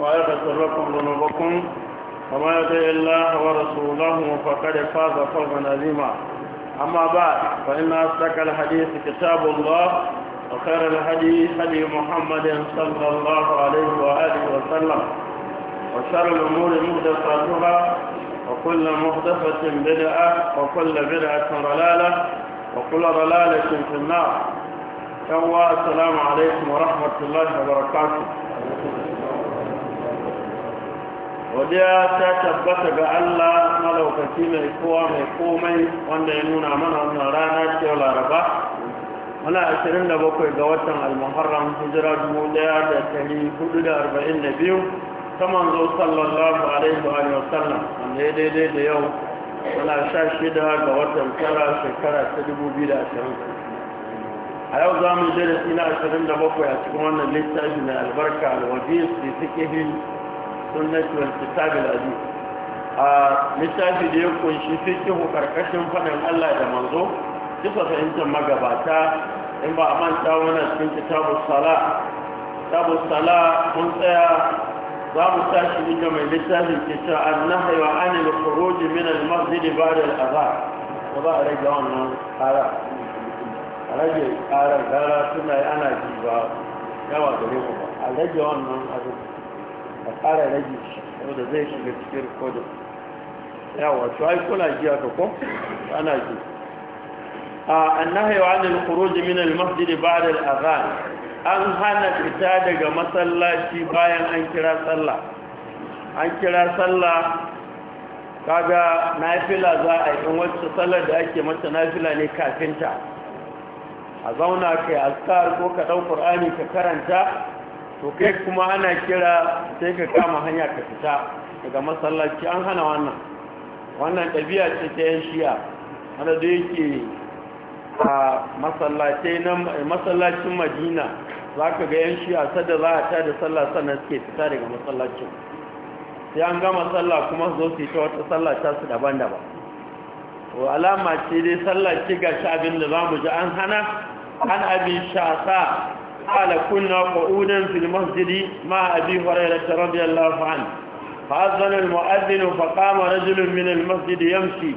ويغفر لكم ذنوبكم وما يطع الله ورسوله فقد فاز فوزا عظيما أما بعد فإن أصدق الحديث كتاب الله وخير الحديث هدي محمد صلى الله عليه وآله وسلم وشر الأمور محدثاتها وكل محدثة بدعة وكل بدعة ضلالة وكل ضلالة في النار السلام عليكم ورحمة الله وبركاته وديا تتبت بألا ملو كثيمة إقوى مقومي وانا ينون أمان أمان رانا تيولا ربا ملا أسرين لبقوا دواتنا المحرم هجرة جمودية تتهي حدود أربعين نبيو كما انزو صلى الله عليه وآله وسلم من هيدي دي يوم ملا شاشدها دواتنا كرا شكرا تدبو بلا شهر a yau za mu da na ashirin da bakwai a cikin wannan littafi na albarka alwaje su suke hin sunnati wal kitab al aziz a littafi da ya kunshi fikihu karkashin fadin Allah da manzo duka fahimtar magabata in ba a manta wannan cikin kitabu sala sala mun tsaya za mu tashi inda mai littafin ke cewa an nahai wa anil khuruj min al masjid ba'da al adha ba za a rage wannan tsara rage karar gara suna yi ana ji ba yawa da ne ba a rage wannan abin a kara rage shi saboda zai shiga cikin kodin yawa to ai kuna ji aka ko ana ji a ne عن الخروج من المسجد بعد الأذان an hana fita daga masallaci bayan an kira sallah an kira sallah kaga nafila za a yi wacce sallar da ake mata nafila ne kafinta a zauna kai azkar ko ka dau qur'ani ka karanta to kai kuma ana kira sai ka kama hanya ka fita daga masallaci an hana wannan wannan ɗabi'a ce ta yan shiya wanda da yake a masallacin madina za ga yan shiya sadda za a ta da sallah sannan suke fita daga masallacin sai an gama sallah kuma zo su ta wata sallah ta su daban-daban to alama ce dai sallah ce ga shi abin da za mu ji an hana عن أبي شعثاء قال كنا قعودا في المسجد مع أبي هريرة رضي الله عنه فأذن المؤذن فقام رجل من المسجد يمشي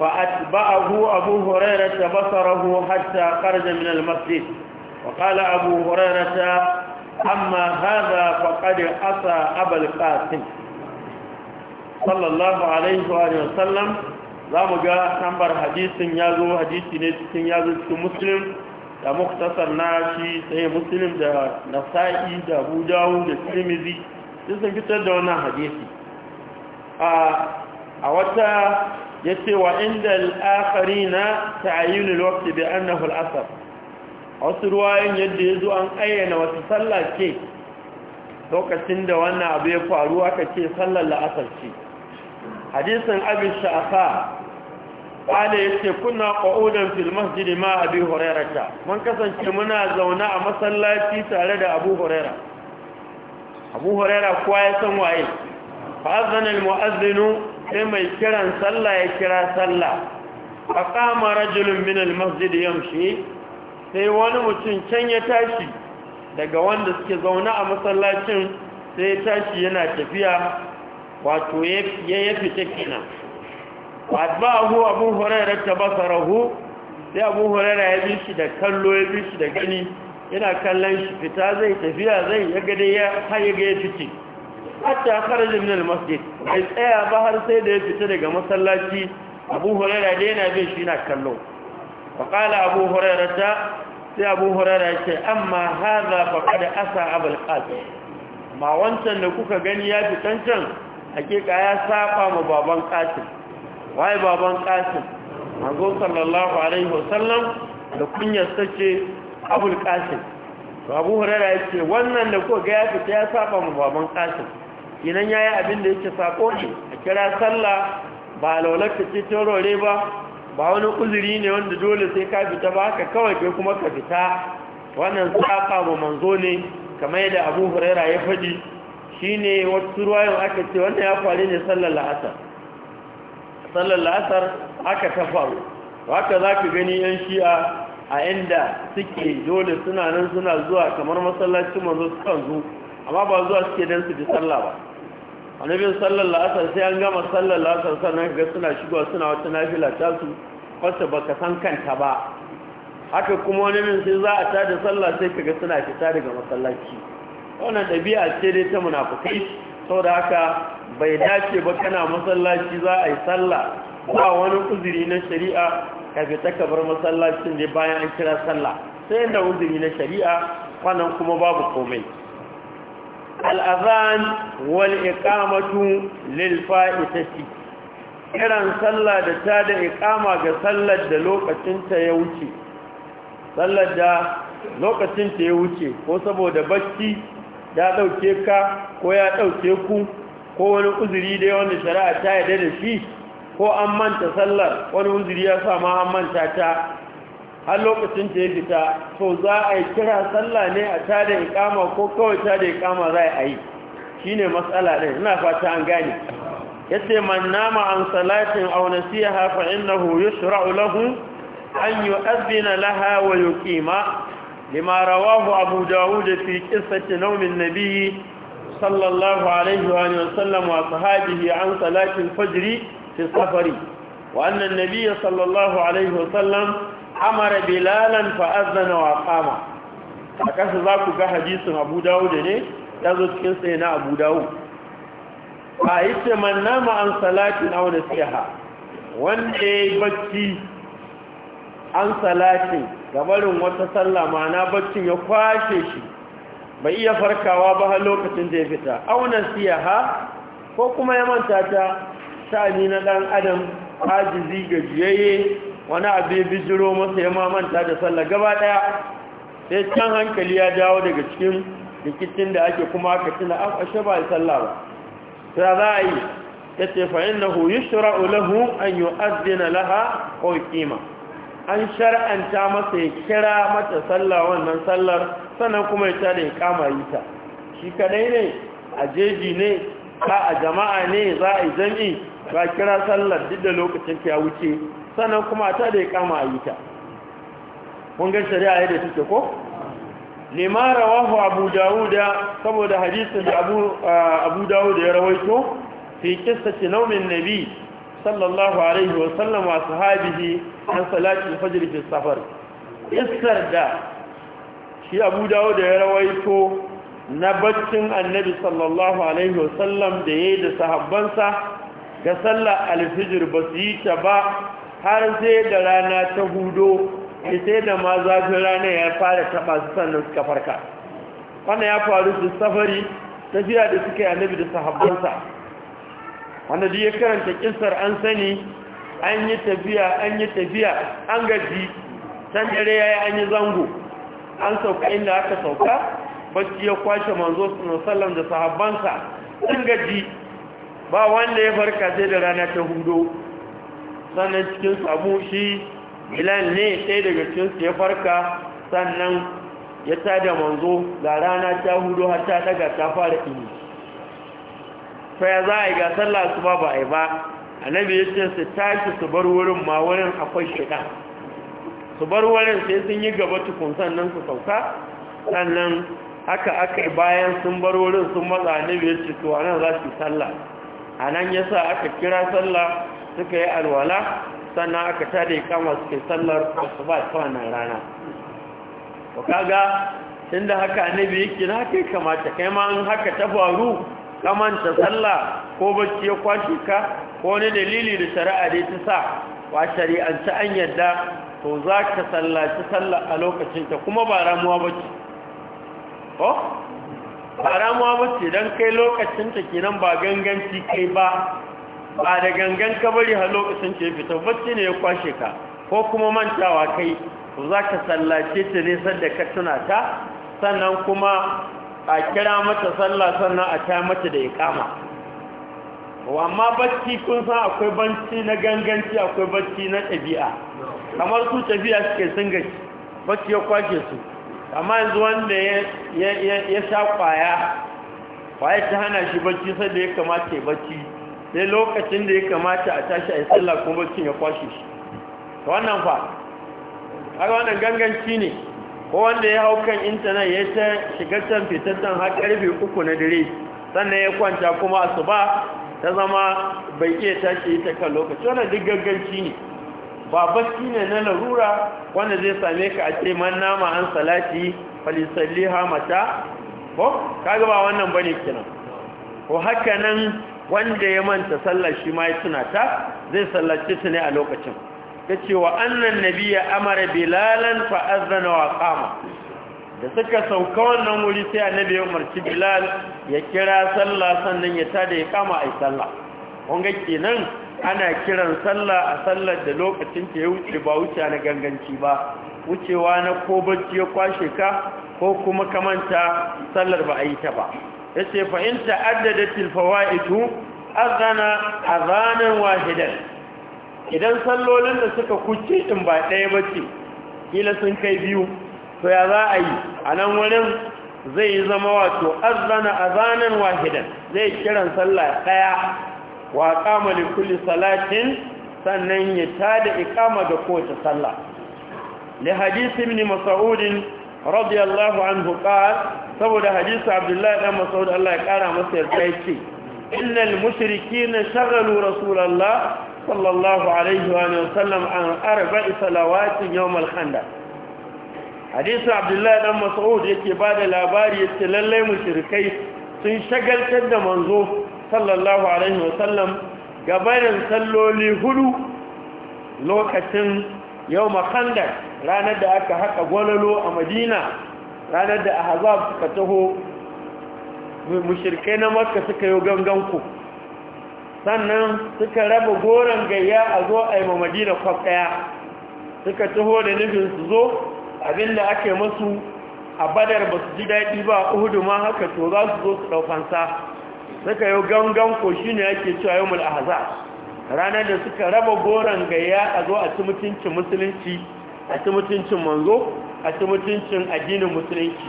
فأتبعه أبو هريرة بصره حتى خرج من المسجد وقال أبو هريرة أما هذا فقد أتى أبا القاسم صلى الله عليه وآله وسلم za mu ga nambar hadisin ya zo hadisi ne cikin ya zo cikin muslim da muktasar na shi Sai muslim da nasa'i da abu da tirmizi sun sun fitar da wannan hadisi a wata ya ce wa inda al'akari na ta'ayyunin lokaci bai an nahul asar a wasu ruwayen yadda ya zo an ayyana wasu sallah ce lokacin da wannan abu ya faru aka ce sallar la'asar ce hadisin abin sha'afa kwale ya ce kuna ƙa'udan filmas jini ma abu horera ta mun kasance muna zaune a masallaci tare da abu horera abu horera kuwa ya san waye fa'azanar mu'azinu sai mai kiran sallah ya kira sallah a kama rajulun minal masjid yamshi sai wani mutum can ya tashi daga wanda suke zaune a masallacin sai tashi yana tafiya wato ya yi kenan. atba'ahu abu hurairah tabasarahu sai abu hurairah ya bi shi da kallo ya bi shi da gani yana kallon shi fita zai tafiya zai ya gade ya haye ga ya fice hatta kharaja min masjid bai tsaya ba har sai da ya fita daga masallaci abu hurairah da yana bin shi yana kallo fa qala abu ta sai abu da ya ce amma hadha faqad asa abul qasim ma wancan da kuka gani ya fitan can hakika ya saba ma baban qasim waye baban kasim manzo sallallahu alaihi wasallam da kunya sace abul kasim to abu hurara yace wannan da ko ga ya fita ya saba mu baban kasim Idan yayi abin da yake sako ne a kira sallah ba laulaka ce torore ba ba wani uzuri ne wanda dole sai ka fita ba Ka kawai kai kuma ka fita wannan saka mu manzo ne kamar da abu hurara ya faɗi shine wasu ruwayan aka ce wannan ya faru ne sallar la'asar sallar la'asar haka ta faru haka za ka gani yan shi'a a inda suke dole suna nan suna zuwa kamar masallacin manzo su kan zu amma ba zuwa suke dan su bi sallah ba annabin sallar la'asar sai an gama sallar la'asar sannan ga suna shigowa suna wata nafila ta su wacce ba san kanta ba haka kuma wani min sai za a tada sallah sai ka ga suna fita daga masallaci wannan ɗabi'a ce dai ta munafukai saboda haka bai dace ba kana masallaci za a yi sallah ba wani uzuri na shari'a ka fita bar masallacin ne bayan an kira sallah sai da uzuri na shari'a kwanan kuma babu komai al'azan wal iqamatu lil fa'itati kiran sallah da ta da iqama ga sallar da lokacin ta ya wuce sallar da lokacin ta ya wuce ko saboda bacci ya ɗauke ka ko ya ɗauke ku ko wani uzuri dai wanda shari'a ta yarda da shi ko an manta sallar wani uzuri ya sa ma an manta ta har lokacin ta ya fita to za a yi kira sallah ne a ta da ikama ko kawai ta da ikama za a yi shi ne matsala ɗin ina fata an gane ya ce man nama an salatin au nasiha fa innahu yushra'u lahu an yu'adhdhina laha wa yuqima لما رواه أبو داود في قصة نوم النبي صلى الله عليه وآله وسلم وصحابه عن صلاة الفجر في السفر وأن النبي صلى الله عليه وسلم أمر بلالا فأذن وأقام أكاس ذاك حديث أبو داود يزد قصة أبو داود فأيت من نام عن صلاة أو نسيها وأن أي بكي عن صلاة gabarin wata sallah ma'ana baccin ya kwashe shi bai iya farkawa ba har lokacin da ya fita auna siyaha ko kuma ya manta ta sha'ani na dan adam ajizi gajiyayye wani abu ya bijiro masa ya manta da sallah gaba daya sai can hankali ya dawo daga cikin rikicin da ake kuma aka tuna an ah, ashe ba sallah ba ta za a yi ta ce fa'in na huyi shura'u lahu an yi azina laha ko kima an shar'anta masa ya kira mata sallah wannan sallar sannan kuma ya tare ya kama yi ta shi kadai ne a jeji ne ba a jama'a ne za a yi jami'i ba kira sallar duk da lokacin ya wuce sannan kuma a da ya kama yi ta ƙungar shari'a yadda take ko limara wahu abu dawuda saboda hadisin da abu uh, dawuda ya rawaito fi ce naumin nabi sallallahu alaihi wa sallam wa sahabihi an salatul fajr fi safar isar da shi Abu dawo da ya rawaito na baccin Annabi sallallahu alaihi wa sallam da yayi da sahabbansa ga sallar alfijir ba su yi ta ba har sai da rana ta hudo sai da ma zafin rana ya fara taba su sannan suka farka wannan ya faru su safari tafiya da suka yi annabi da sahabbansa wanda duk ya karanta kisar an sani an yi tafiya an yi tafiya an gaji can dare ya yi an yi zango an sauka inda aka sauka bacci ya kwashe manzo sallam da sahabbansa sun gaji ba wanda ya farka sai da rana ta hudu sannan cikin samu shi milan ne sai daga cikinsu ya farka sannan ya tada manzo da rana ta hudu har ta daga ta fara ini fa ya za a yi ga sallah su ba ba a yi ba annabi biyu ce su tashi su bar wurin ma wurin akwai shida su bar wurin sai sun yi gaba tukun sannan su sauka sannan haka aka bayan sun bar wurin sun matsa a annabi ya ce su anan za su yi sallah a nan ya sa aka kira sallah suka yi alwala sannan aka tada kama suke sallar ba ta wannan rana ga, kaga da haka annabi yake na kai kamata kai ma an haka ta faru kamanta sallah ko bacci ya kwashe ka ko ne dalili da shari'a dai ta sa wa shari'anci an yadda to za ka sallaci sallah a lokacinta kuma ba ramuwa bacci ko ba ramuwa bacci don kai lokacinta kenan ba ganganci kai ba ba da gangan ka bari a lokacin ce fita bacci ne ya kwashe ka ko kuma mantawa kai to za ka sallace ta ne sanda ka tuna ta sannan kuma a kira mata sallah sannan a ta mata da kama. amma bacci kun san akwai bacci na ganganci akwai bacci na ɗabi'a kamar su tafiya suke sun gaci bacci ya kwashe su amma yanzu wanda ya sha kwaya kwaya ta hana shi bacci sai da ya kamata ya bacci sai lokacin da ya kamata a tashi a yi sallah kuma baccin ya kwashe shi wannan fa haka wannan ganganci ne ko wanda ya hau kan intanet ya ta shiga can har karfe uku na dare sannan ya kwanta kuma asuba ta zama bai iya tashi ta kan lokaci wanda duk gagganci ne ba baski ne na larura wanda zai same ka a ce man nama an salati falisalli mata ko kaga ba wannan bane kenan ko haka nan wanda ya manta sallar shi ma ya tunata zai sallace ta ne a lokacin ta ce wa annan nabiya amara bilalan azana wa kama da suka sauka wannan wuri sai annabi ya umarci bilal ya kira sallah sannan ya tada ya kama a yi sallah ƙunga kenan ana kiran sallah a sallar da lokacin ta ya wuce ba wuce na ganganci ba wucewa na ko bacci ya kwashe ka ko kuma kamanta sallar ba a yi ta ba ya ce fahimta ta'addada tilfawa ito azana azanan wahidan idan sallolin da suka kuce in ba ɗaya ba ce kila sun kai biyu to ya za a yi a nan wurin zai zama wato azana azanan wahidan zai kiran sallah ɗaya wa kama da salatin sannan ya tada ikama ga kowace sallah li hadisi ibn mas'ud radiyallahu anhu qala saboda hadisi abdullahi dan mas'ud Allah ya kara masa yarda yace innal mushrikeena sharralu rasulallah صلى الله عليه وآله وسلم عن أربع صلوات يوم الخندق حديث عبد الله بن مسعود yake bada labari yace lallai mushrikai sun shagaltar da manzo sallallahu alaihi wasallam gabanin salloli hudu lokacin yau khandaq ranar da aka haka gwalalo a Madina ranar da ahzab suka taho mushrikai na maka suka yi gangan ku sannan suka raba goron gayya a zo a yi mamadi da kwaf ɗaya suka taho da nufin su zo abinda ake masu a badar ba su ji daɗi ba a uhudu ma haka to za su zo su ɗaukansa suka yi gangan ko shi ne ake cewa yau mul'ahaza ranar da suka raba goron gayya a zo a ci mutuncin musulunci a ci mutuncin manzo a ci mutuncin addinin musulunci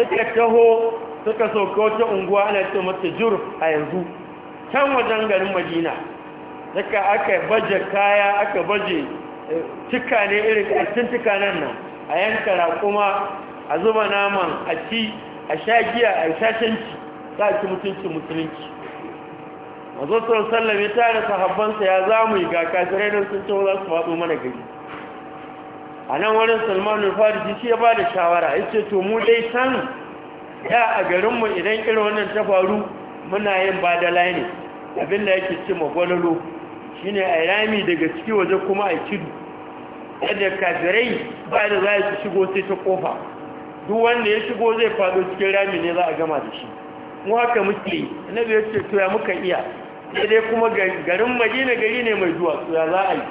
suka taho suka sauka wata unguwa ana ce mata jur a yanzu can wajen garin madina daga aka baje kaya aka baje cika eh, ne irin cikin cika nan nan a yankara kuma a zuba naman a ci a sha giya a shashanci za a ci mutunci musulunci mazo sallame tare sahabbansa ya za mu yi ga kasirai don sun ce za su faɗo mana gari a nan wurin salmanu farisi shi ya ba da shawara ya ce to mu dai san ya a garinmu idan irin wannan ta faru muna yin ba da ne abin da yake ce magwalolo shi ne a rami daga ciki waje kuma a kidu yadda kafirai ba da za su shigo sai ta kofa duk wanda ya shigo zai fado cikin rami ne za a gama da shi mu haka muke na biyar ce to ya muka iya sai dai kuma garin madina gari ne mai duwatsu ya za a yi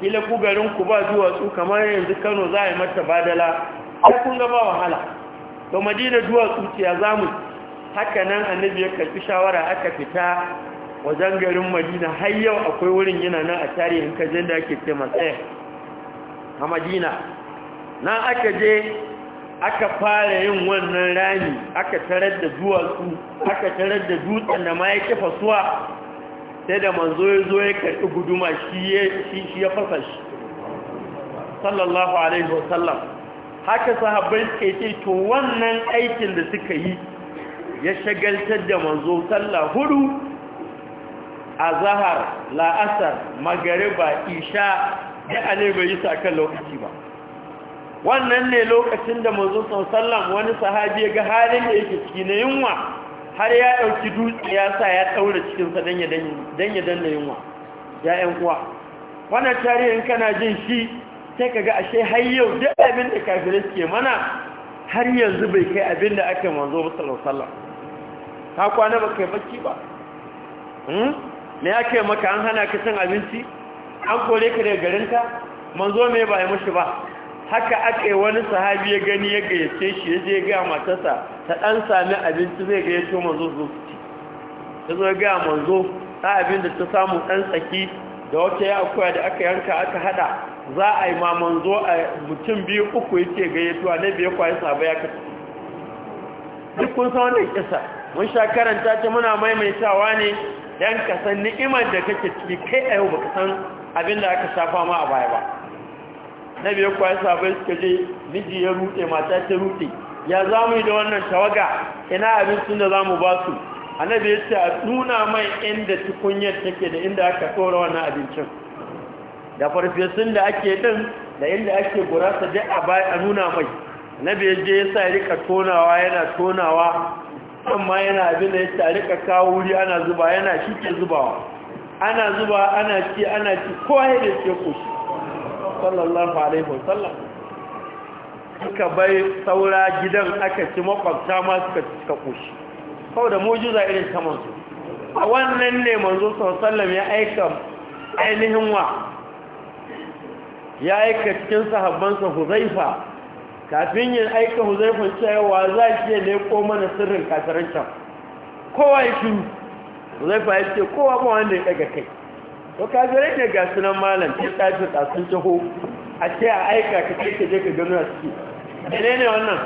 kila ku garin ku ba duwatsu kamar yanzu kano za a yi mata badala ko kun ga ba wahala to madina duwatsu ce ya zamu haka nan annabi ya karbi shawara aka fita wajen garin madina har yau akwai wurin yana nan a tarihin kajin da ake ce matsayin a madina nan aka je aka fara yin wannan rami aka tarar da duwatsu aka tarar da dutsen da ma ya kifa suwa sai da manzo ya zo ya karɓi guduma shi ya fasa shi sallallahu alaihi wasallam haka sahabbai suka yi to wannan aikin da suka yi ya shagaltar da manzo sallah hudu azahar la'asar magariba isha da ale bai yi su akan lokaci ba wannan ne lokacin da manzo sallam wani sahabi ya ga halin da yake ciki na yunwa har ya dauki dutse ya sa ya daura cikin sa dan ya danna yunwa ya ƴan uwa wannan tarihin kana jin shi sai ga ashe har yau duk abin da kafirai suke mana har yanzu bai kai abin da aka manzo sallallahu alaihi wasallam ka kwana ba kai bacci ba hmm ne yake maka an hana ka cin abinci an kore ka daga ka? manzo mai ba ya mushi ba haka ake wani sahabi ya gani ya gayyace shi ya je ga matarsa ta dan sami abinci zai gayyato manzo zo ci ta zo ga manzo ta abin da ta samu dan tsaki da wata ya akuya da aka yanka aka hada za a yi ma manzo a mutum biyu uku yace gayyatuwa na biyu kwaye sabo ya kasa duk kun san wannan kisa mun sha karanta ta muna maimaitawa ne dan ka san ni'imar da kake ciki kai a yau baka san abin da aka shafa ma a baya ba na biyar kwaye sabai suka je miji ya rute mata ta rute ya za mu yi da wannan tawaga ina abincin da za mu ba su annabi ya ce a nuna mai inda tukunyar take da inda aka tsora wannan abincin da farfesun da ake din da inda ake gurasa duk a baya a nuna mai annabi ya je ya sa rika tonawa yana tonawa amma yana abin da ya tare ka kawo wuri ana zuba yana shi ke zubawa ana zuba ana ci ana ci kowa ya da ce ku sallallahu alaihi wasallam suka bai saura gidan aka ci makwabta ma suka suka kushi da mujiza irin ta su a wannan ne manzo sallallahu ya aika ainihin wa ya aika cikin sa Huzaifa kafin yin aika huzaifin cewa za a ce ne ko mana sirrin kasarar can kowa ya shiru huzaifin ya ce kowa ba wanda ya daga kai to kasarar ke ga sunan malam ta tafi tsasun taho a ce a aika ka ce ka je ka gano a ciki ne ne wannan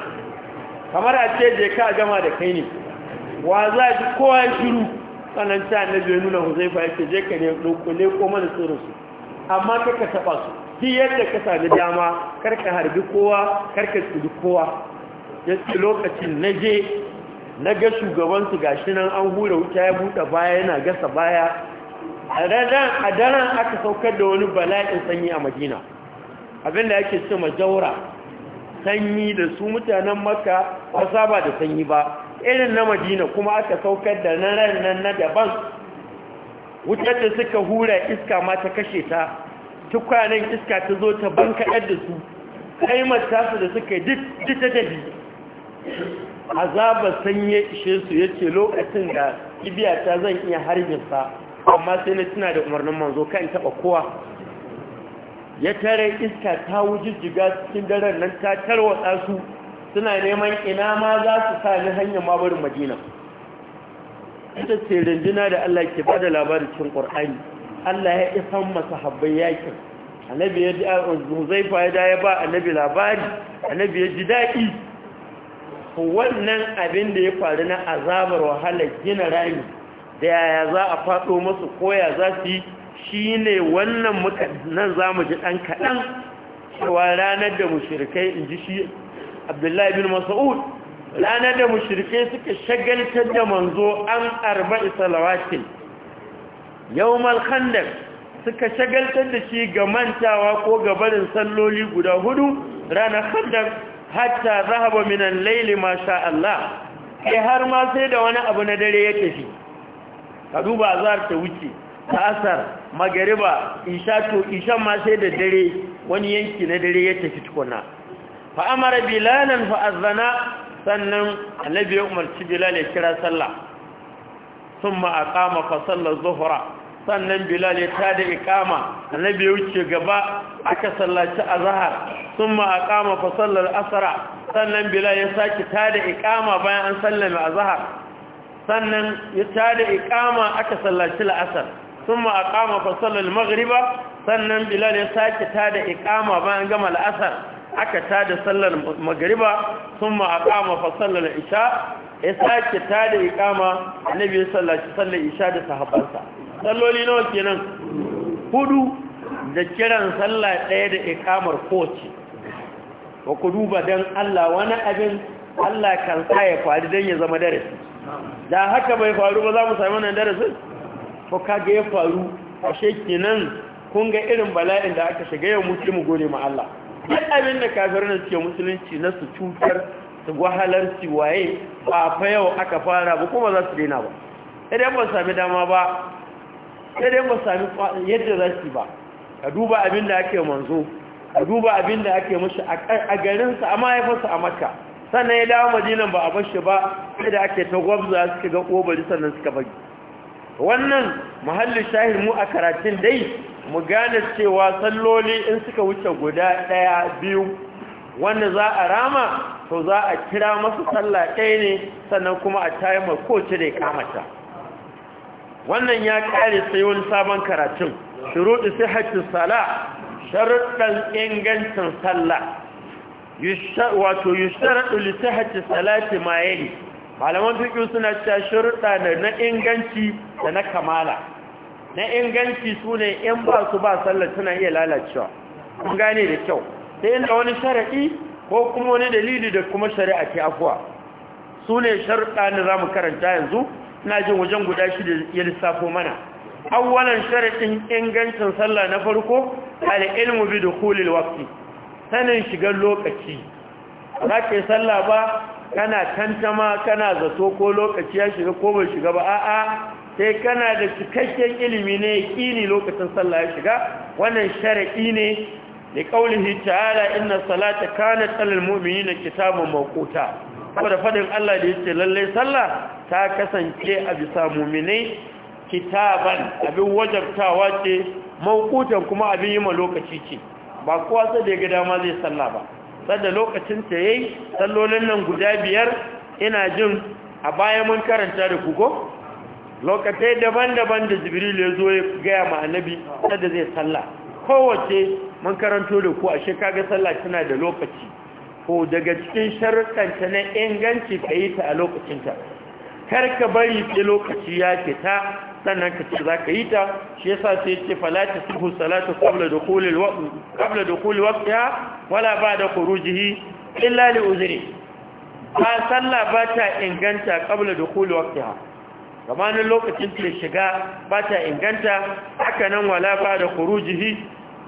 kamar a ce je ka gama da kai ne wa za ki kowa ya shiru sannan ta annabi ya nuna huzaifin ya ce je ka ne ko mana sirrin su amma kaka taɓa su duk yadda ka sami dama karka harbi kowa karka tsudu kowa ya ce lokacin na je na ga shugabansu ga shi nan an hura wuta ya buɗe baya yana gasa baya a daren aka saukar da wani bala'in sanyi a madina abinda yake ce majaura sanyi da su mutanen maka ba saba da sanyi ba irin na madina kuma aka saukar da na ran na daban wutar da suka hura iska ma ta kashe ta tukwanen iska ta zo ta bankaɗar da su kaimar tasu da suka yi ta tafi azaba sanye ishe su ya ce lokacin da ibiya ta zan iya harbinsa amma sai na tuna da umarnin manzo kan taɓa kowa ya tare iska ta wujijjiga cikin daren nan ta tarwatsa su suna neman ina ma za su sa ni hanyar mabarin madina ita ce rinjina da allah ke ba da labarin cin ƙur'ani Allah ya isan masa masahabbai yakin annabi ya ji huzaifa ya da ya ba annabi labari annabi ya ji daɗi wannan abin da ya faru na azabar wahalar gina rami da yaya za a faɗo masu koya za su yi shi ne wannan muka nan za mu ji ɗan kaɗan cewa ranar da mushirikai in ji shi abdullahi bin Mas'ud. ranar da mushirikai suka shagaltar da manzo an arba'i salawatin Yau khandaq suka shagaltar da shi ga mantawa ko ga salloli guda hudu ranar khandaq hatta zahaba min al-layl Allah sai har ma sai da wani abu na dare ya tafi ka duba azar ta wuce ta asar magariba isha to isha ma sai da dare wani yanki na dare ya tafi tukuna fa amara bilalan fa azana sannan annabi ya umarci bilal ya kira sallah thumma aqama fa salla zuhra sannan bilal ya tada iqama annabi ya wuce gaba aka sallaci azhar thumma aqama fa fasallar al sannan bilal ya saki tada ikama bayan an sallame azhar sannan ya tada ikama aka sallaci la'asar asr thumma aqama fa salla sannan bilal ya saki tada ikama bayan gama la'asar asr aka tada sallar maghriba thumma aqama fa salla al-isha ya sake ta da ikama annabi ya sallaci isha da sahabbansa salloli nawa kenan hudu da kiran sallah ɗaya da ikamar koci wa ku duba dan Allah wani abin Allah kan sa ya faru dan ya zama darasi da haka bai faru ba za mu sami wannan darasin to kage ya faru ashe kenan kun ga irin bala'in da aka shiga yau mu mu gode ma Allah duk abin da kafirin suke musulunci na su cutar su wahalarci waye ba fa yau aka fara ba kuma za su daina ba idan ba sami dama ba idan ba sami yadda za su ba ka duba abin da ake manzo ka duba abin da ake mashi a garinsa a mahaifarsa a makka sannan ya dawo madinan ba a bashi ba sai da ake ta gwabza suka ga kobari sannan suka bagi wannan muhallin shahir mu a karatun dai mu gane cewa salloli in suka wuce guda ɗaya biyu wanda za a rama to za a kira masu sallah ɗaya ne sannan kuma a tayi mai kowace da ya kamata wannan ya ƙare sai wani sabon karatun shuruɗi sai haƙƙin sala sharuɗan ingancin sallah wato yi sharaɗu lissahaci salati yi malaman fiƙi suna cewa sharuɗa da na inganci da na kamala na inganci su ne in ba su ba sallah suna iya lalacewa kun gane da kyau sai yana wani sharaɗi ko kuma wani dalili da kuma shari'a ke afuwa su ne sharuɗa da za mu karanta yanzu na jin wajen guda shi da ya lissafo mana awwalan sharaɗin ingancin sallah na farko al'ilmu bi dukhulil waqti sanin shigar lokaci za ka yi sallah ba kana tantama kana zato ko lokaci ya shiga ko bai shiga ba a'a sai kana da cikakken ilimi ne yaƙini lokacin sallah ya shiga wannan shari'i ne لقوله inna إن kana كانت على المؤمنين kitabun موقوتا saboda faɗin Allah da yake lallai sallah ta kasance a bisa muminai kitaban abin wajabtawa ce mawkutan kuma abin yi ma lokaci ce ba kowa sai da ya ga dama zai sallah ba sadda lokacin ta yayi sallolin nan guda biyar ina jin a baya mun karanta da kugo lokacin daban-daban da Jibril ya zo ya ga ma annabi sanda zai sallah kowace mun karanto da ku ashe kaga sallah tana da lokaci ko daga cikin sharuɗanta na inganci ka yi ta a lokacinta kar ka bari sai lokaci ya fita sannan ka ce za ka yi ta shi yasa sai ya ce falata suhu salatu qabla dukhulil waqt qabla dukhul waqtiha wala ba'da khurujihi illa li uzuri. ba sallah ba ta inganta qabla dukhul waqtiha gabanin lokacin ta shiga ba ta inganta haka nan wala ba da kurujihi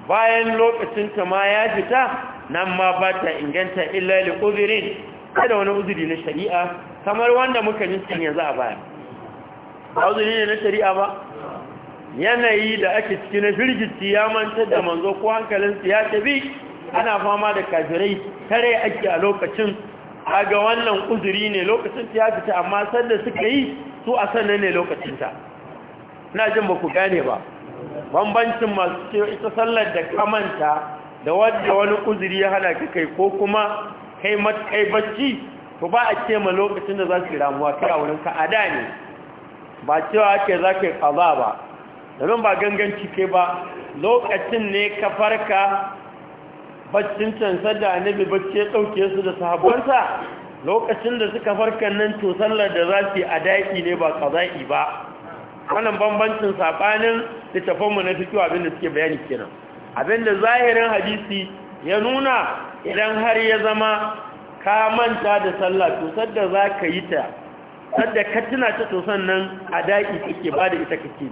bayan lokacinta ma ya fita nan ma ba ta inganta illa li uzirin kada wani uzuri na shari'a kamar wanda muka niskin yanzu a baya ba uzuri ne na shari'a ba yanayi da ake ciki na firgici ya manta da manzo ko hankalinsu ya tabi ana fama da kafirai tare ake a lokacin ga wannan uzuri ne lokacin ta ya fita amma sanda suka yi su a sannan ne lokacinta ina jin ba ku gane ba bambancin masu ce ita sallar da kamanta da wadda wani uzuri ya hana kai ko kuma kai matkai bacci to ba a ce ma lokacin da za su ramuwa kai a wurin ka ada ne ba cewa ake za ka yi kaza ba domin ba ganganci kai ba lokacin ne ka farka baccin cansa da annabi bacci ya ɗauke su da sahabbansa lokacin da suka farka nan to sallar da za su yi a daƙi ne ba kaza'i ba wannan bambancin sabanin littafanmu na fikiyo abinda suke bayani kenan abinda zahirin hadisi ya nuna idan har ya zama ka manta da sallah to sadda za ka yi ta sadda ka tuna ta to sannan a daƙi kake ba da ita kake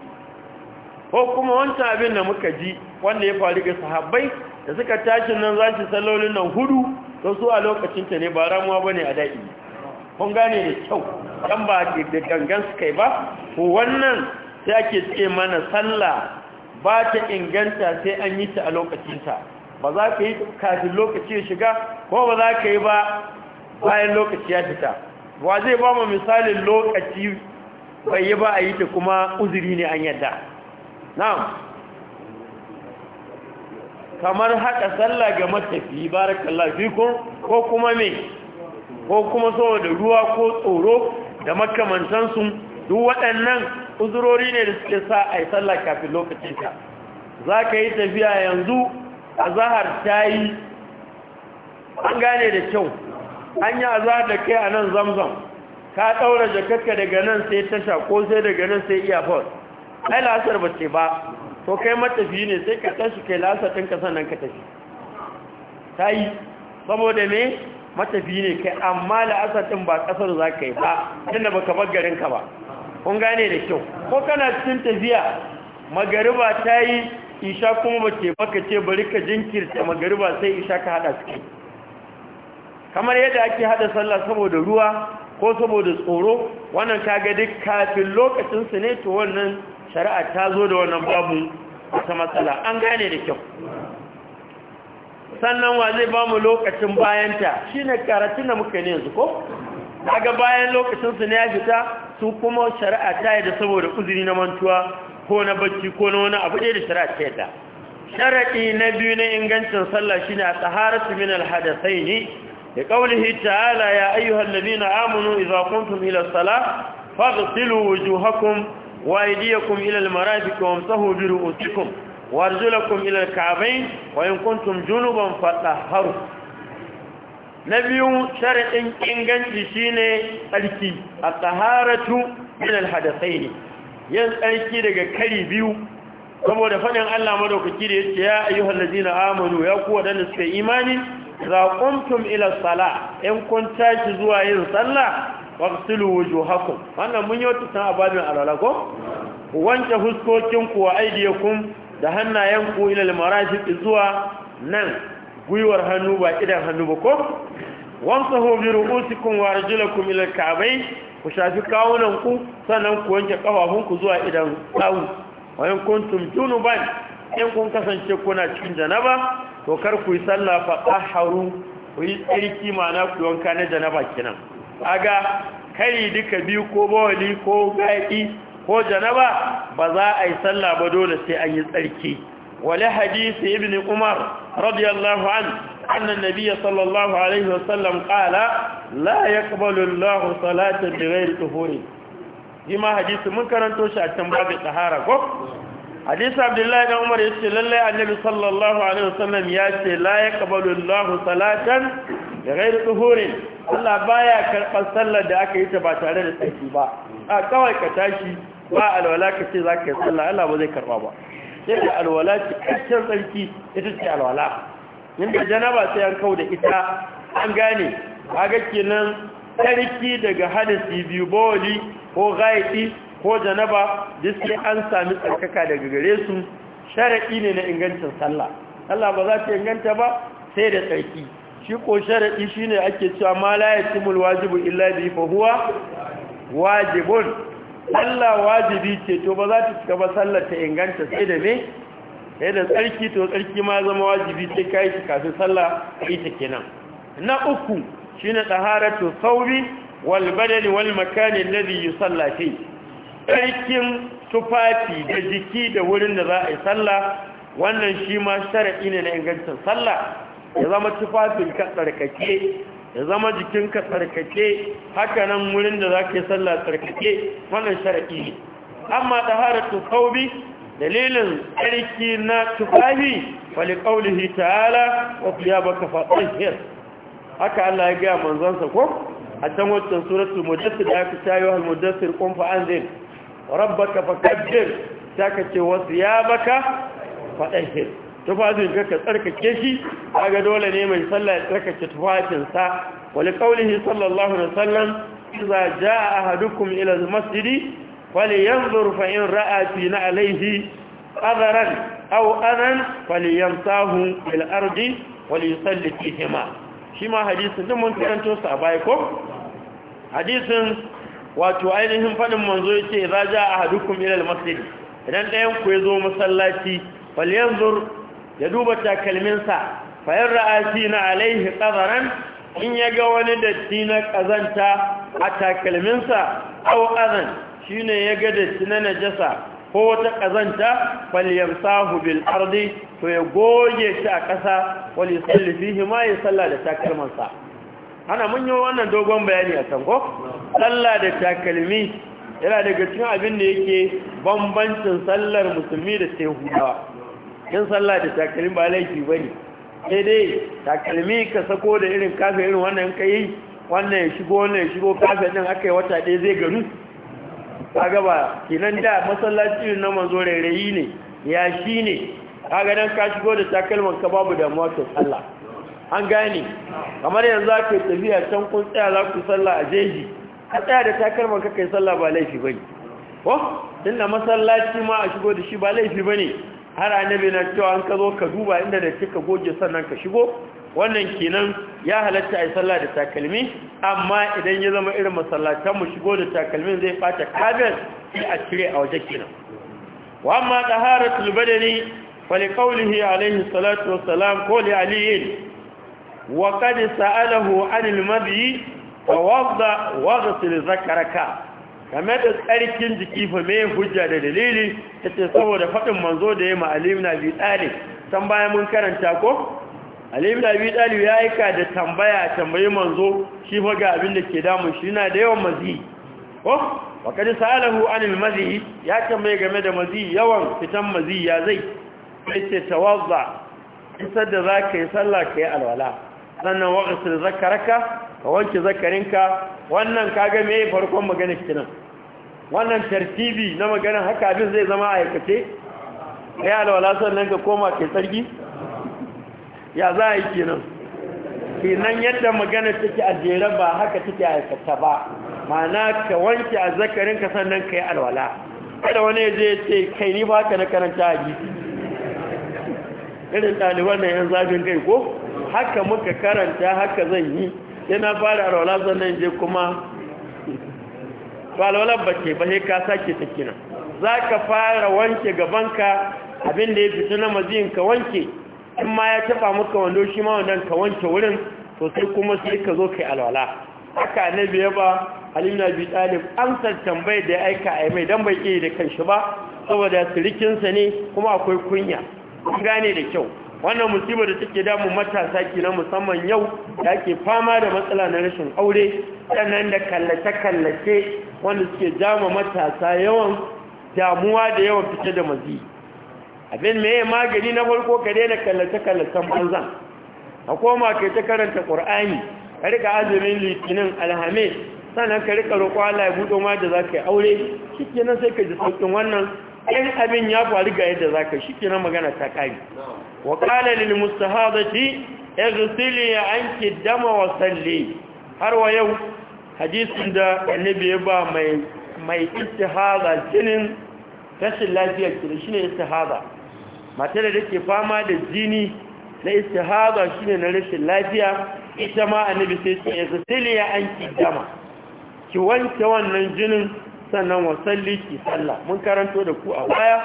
ko kuma wancan abin da muka ji wanda ya faru ga sahabbai da suka tashi nan za su sallolin nan hudu to su a lokacinta ne ba ramuwa ba ne a daƙi kun gane da kyau dan ba da gangan su kai ba wannan sai ake ce mana sallah ba ta inganta sai an yi ta a lokacinta ba za ka yi kafin lokaci ya shiga ko ba za ka yi ba bayan lokaci ya fita ba zai ba mu misalin lokaci bai yi ba a yi ta kuma uzuri ne an yadda na'am kamar haka sallah ga matafi barakallahu fikum ko kuma me ko kuma saboda ruwa ko tsoro da makamantansu duk waɗannan uzurori ne da suke sa a yi sallah kafin ka. za ka yi tafiya yanzu a zahar ta yi an gane da kyau an yi a da kai a nan zamzam ka ɗaura jakarka daga nan sai tasha ko sai daga nan sai iya fos ai lasar ba ce ba to kai matafi ne sai ka tashi kai lasar ɗin ka sannan ka tafi ta yi saboda me matafi ne kai amma la'asar ɗin ba kasar za ka yi ba tunda ba ka bar garinka ba kun gane da kyau ko kana cikin tafiya magariba ta yi isha kuma ba ce baka ce bari ka jinkirta magariba sai isha ka haɗa su kamar yadda ake haɗa sallah saboda ruwa ko saboda tsoro wannan ka ga duk kafin lokacin su ne to wannan shari'a ta zo da wannan babu ta matsala an gane da kyau sannan wa zai ba mu lokacin bayanta shi ne karatun da muka ne yanzu ko daga bayan lokacinsu ne ya fita su kuma shari'a ta yi da saboda uzuri na mantuwa ko na bacci ko na wani abu ɗaya da shari'a ta yi ta sharaɗi na biyu na ingancin sallah shi ne a su min alhadasai ne da Hita ala ya ayyuhan na amunu iza kuntum ila sala silu wujuhakum wa aydiyakum ila almarafiq wamsahu bi ru'usikum warjulakum ila alka'bayn wa in kuntum junuban fatahharu na biyu sharadin inganci shine tsarki at-taharatu min alhadathayn yin tsarki daga kari biyu saboda fadin Allah madaukaki da yace ya ladina amanu ya ku wadanda suka imani za kuntum ila salah in kunta shi zuwa yin sallah waqtilu wujuhakum wannan mun yi wata san ababin wanke huskokin ku wa aidiyakum da hannayen ku ilal marafiq zuwa nan gwiwar hannu ba idan hannu ba ko wamsahu bi ru'usikum wa arjulakum ila al-ka'bayn ku shafi kawunan ku sannan ku wanke kafafun ku zuwa idan tawu wa in kuntum junuban in kun kasance kuna cikin janaba to kar ku yi sallah fa tahharu ku yi tsarki ma'ana ku wanka na janaba kenan aga kai duka biyu ko bawali ko gaɗi ko janaba ba za a yi sallah ba dole sai an yi tsarki wale hadisi ibn umar radiyallahu an annan nabiyya sallallahu alaihi wasallam qala la yaqbalu Allahu salatan bighairi tuhuri jima hadisi mun karanto shi a can babu tsahara ko hadisi abdullahi dan umar yace lalle annabi sallallahu alaihi wasallam yace la yaqbalu Allahu salatan bighairi tuhuri Allah baya karɓar sallar da aka yi ta ba tare da tsaki ba a kawai ka tashi ba alwala ka ce za ka yi sallah Allah ba zai karba ba yadda alwala ce kakken tsarki ita ce alwala da janaba sai an kau da ita an gane kaga kenan tsarki daga hadisi biyu boli ko gaiti ko janaba duk sai an sami tsarkaka daga gare su sharaɗi ne na ingancin sallah sallah ba za ta inganta ba sai da tsarki shi ko sharaɗi shine ake cewa ma la yatimul wajibu illa bi fa huwa wajibun allah wajibi ce to ba za ta cika ba sallar ta inganta sai da me sai da tsarki to tsarki ma zama wajibi sai kai shi kafin sallah sai ta kenan na uku shine taharatu sawbi wal badani wal makani alladhi yusalla fi tsarkin tufafi da jiki da wurin da za a yi sallah wannan shi ma shar'i ne na ingancin sallah ya zama tufafin ka tsarkake ya zama jikinka tsarkake haka nan wurin da za yi sallah tsarkake wannan sharaɗi ne amma haratu kaubi dalilin tsarki na tufahi wali kaulihi ta'ala wa thiyabaka fatahhir haka Allah ya ga manzansa ko a can wancan suratul mudaththir da aka tayo al mudaththir fa'an fa anzir rabbaka fakabbir ka ce baka thiyabaka fatahhir tufafin ka ka tsarkake shi kaga dole ne mai sallah ya tsarkake tufafinsa wani kaulihi sallallahu alaihi wasallam idza jaa ahadukum ila al-masjid falyanzur fa in ra'a fi na alayhi qadaran aw adan falyamsahu bil ardi walyusalli fihima shi ma hadisin din mun karanto sa bai ko hadisin wato ainihin fadin manzo yace idza jaa ahadukum ila al idan ɗayan ku ya zo masallaci falyanzur ya duba takalminsa fayar ra'asi na alaihi ƙazaran in ya ga wani datti na ƙazanta a takalminsa au ƙazan shi ne ya ga datti na najasa ko wata ƙazanta sahu bil ardi to ya goge shi a ƙasa wali sallifihi ma ya salla da takalminsa. ana mun yi wannan dogon bayani a can ko salla da takalmi yana daga cikin abin da yake bambancin sallar musulmi da sai hudawa yin sallah da takalmi ba laifi ba ne sai dai takalmi ka sako da irin kafe irin wannan kai yi wannan ya shigo wannan ya shigo kafe din aka yi wata ɗaya zai garu kaga gaba kinan da masallaci na manzo rairayi ne ya shi ne kaga nan ka shigo da takalman ka babu damuwa ta sallah an gane kamar yanzu za tafiya can kun tsaya za ku sallah a jeji ka tsaya da takalman ka kai sallah ba laifi ba ne ko tunda masallaci ma a shigo da shi ba laifi ba ne har annabi na cewa an ka zo ka duba inda da kika goge sannan ka shigo wannan kenan ya halatta ai sallah da takalmi amma idan ya zama irin masallatan mu shigo da takalmin zai bata kabel sai a cire a waje kenan wa amma taharatul badani fa li qawlihi alayhi salatu wassalam qawli ali wa qad sa'alahu anil madhi fa wadda waghsil zakaraka game da tsarkin jiki fa me hujja da dalili ce saboda faɗin manzo da yayi ma'alim na bi talib san bayan mun karanta ko alim na bi talib ya aika da tambaya tambayi manzo shi fa ga abin da ke damun shi na da yawan mazi ko wa kad salahu anil mazi ya tambaye game da mazi yawan fitan mazi ya zai yace tawadda isar da ka yi sallah kai alwala sannan waqtil zakaraka ka wanke zakarinka wannan kaga me farkon magana kinan wannan tartibi na maganar haka abin zai zama a aikace yi alwala sannan ka koma kai sarki ya za a yi kenan Kinan yadda magana take a jere ba haka take aikata ba mana ka wanke a zakarinka sannan ka yi alwala kada wani ya je ce kai ni ba ka na karanta a gisi irin ɗaliban na yan zafin kai ko haka muka karanta haka zan yi na fara alwala sannan je kuma ba alwalar bace ba sai ka sake ta kina za ka fara wanke gaban gabanka abinda ya fito na maziyin ka wanke in ma ya taba maka wando shi ma wandan ka wanke wurin to sai kuma sai ka zo kai alwala haka annabi ya ba halin na biyu Talib amsar tambayar da ya aika a mai dan bai iya da shi ba saboda sirikinsa ne kuma akwai kunya gane da kyau wannan musibar da take damun matasa na musamman yau da ke fama da matsala na rashin aure sannan da kallace-kallace wanda suke jama matasa yawan damuwa da yawan fice da mazi abin mai magani na farko ka daina kallace-kallacen banzan a koma ka ta karanta ƙur'ani ka rika azumin litinin alhamis sannan ka rika roƙo Allah ya buɗo ma da za ka yi aure shi sai ka ji sauƙin wannan in abin ya faru ga yadda za ka shi magana ta ƙari wa ƙala lil mustahadati ighsili ya anki dama wa salli har wa yau hadisin da annabi ya ba mai mai istihaza jinin kashin lafiya ki shine istihaza mata da take fama da jini na istihaza shine na rashin lafiya ita ma annabi sai ya ighsili ya anki dama ki wanke wannan jinin sannan wasalli ki sallah mun karanto da ku a baya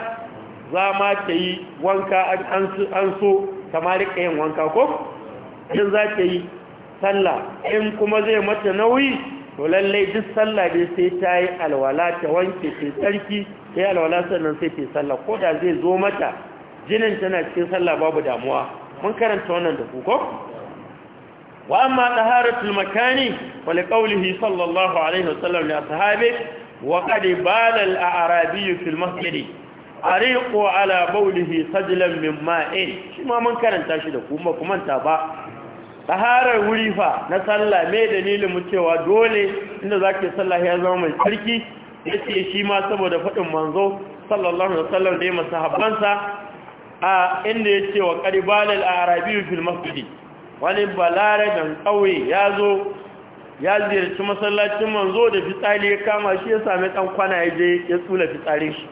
za ma ta yi wanka an so kamar rika yin wanka ko Idan za ta yi sallah in kuma zai mata nauyi to lallai duk sallah dai sai ta yi alwala ta wanke ta tsarki ta yi alwala sannan sai ta yi sallah ko da zai zo mata jinin tana cikin sallah babu damuwa mun karanta wannan da ku ko Wa وأما طهارة المكان sallallahu alaihi wa sallam ya sahabe? وقد بال ala في المسجد أريق على shi ma mun karanta shi da kuma تاشد كما كما تابع taharar wuri fa na sallah mai dalilin mutewa dole inda za ka ya zama mai sarki ya ce shi ma saboda faɗin manzo sallallahu alaihi wasallam da ya masu habbansa a inda ya ce wa ƙaribalil a arabiyu fil masjidi wani balarabin ƙauye ya zo ya ziyarci masallacin manzo da fitsari ya kama shi ya sami ɗan kwana ya je ya tsula fitsarin shi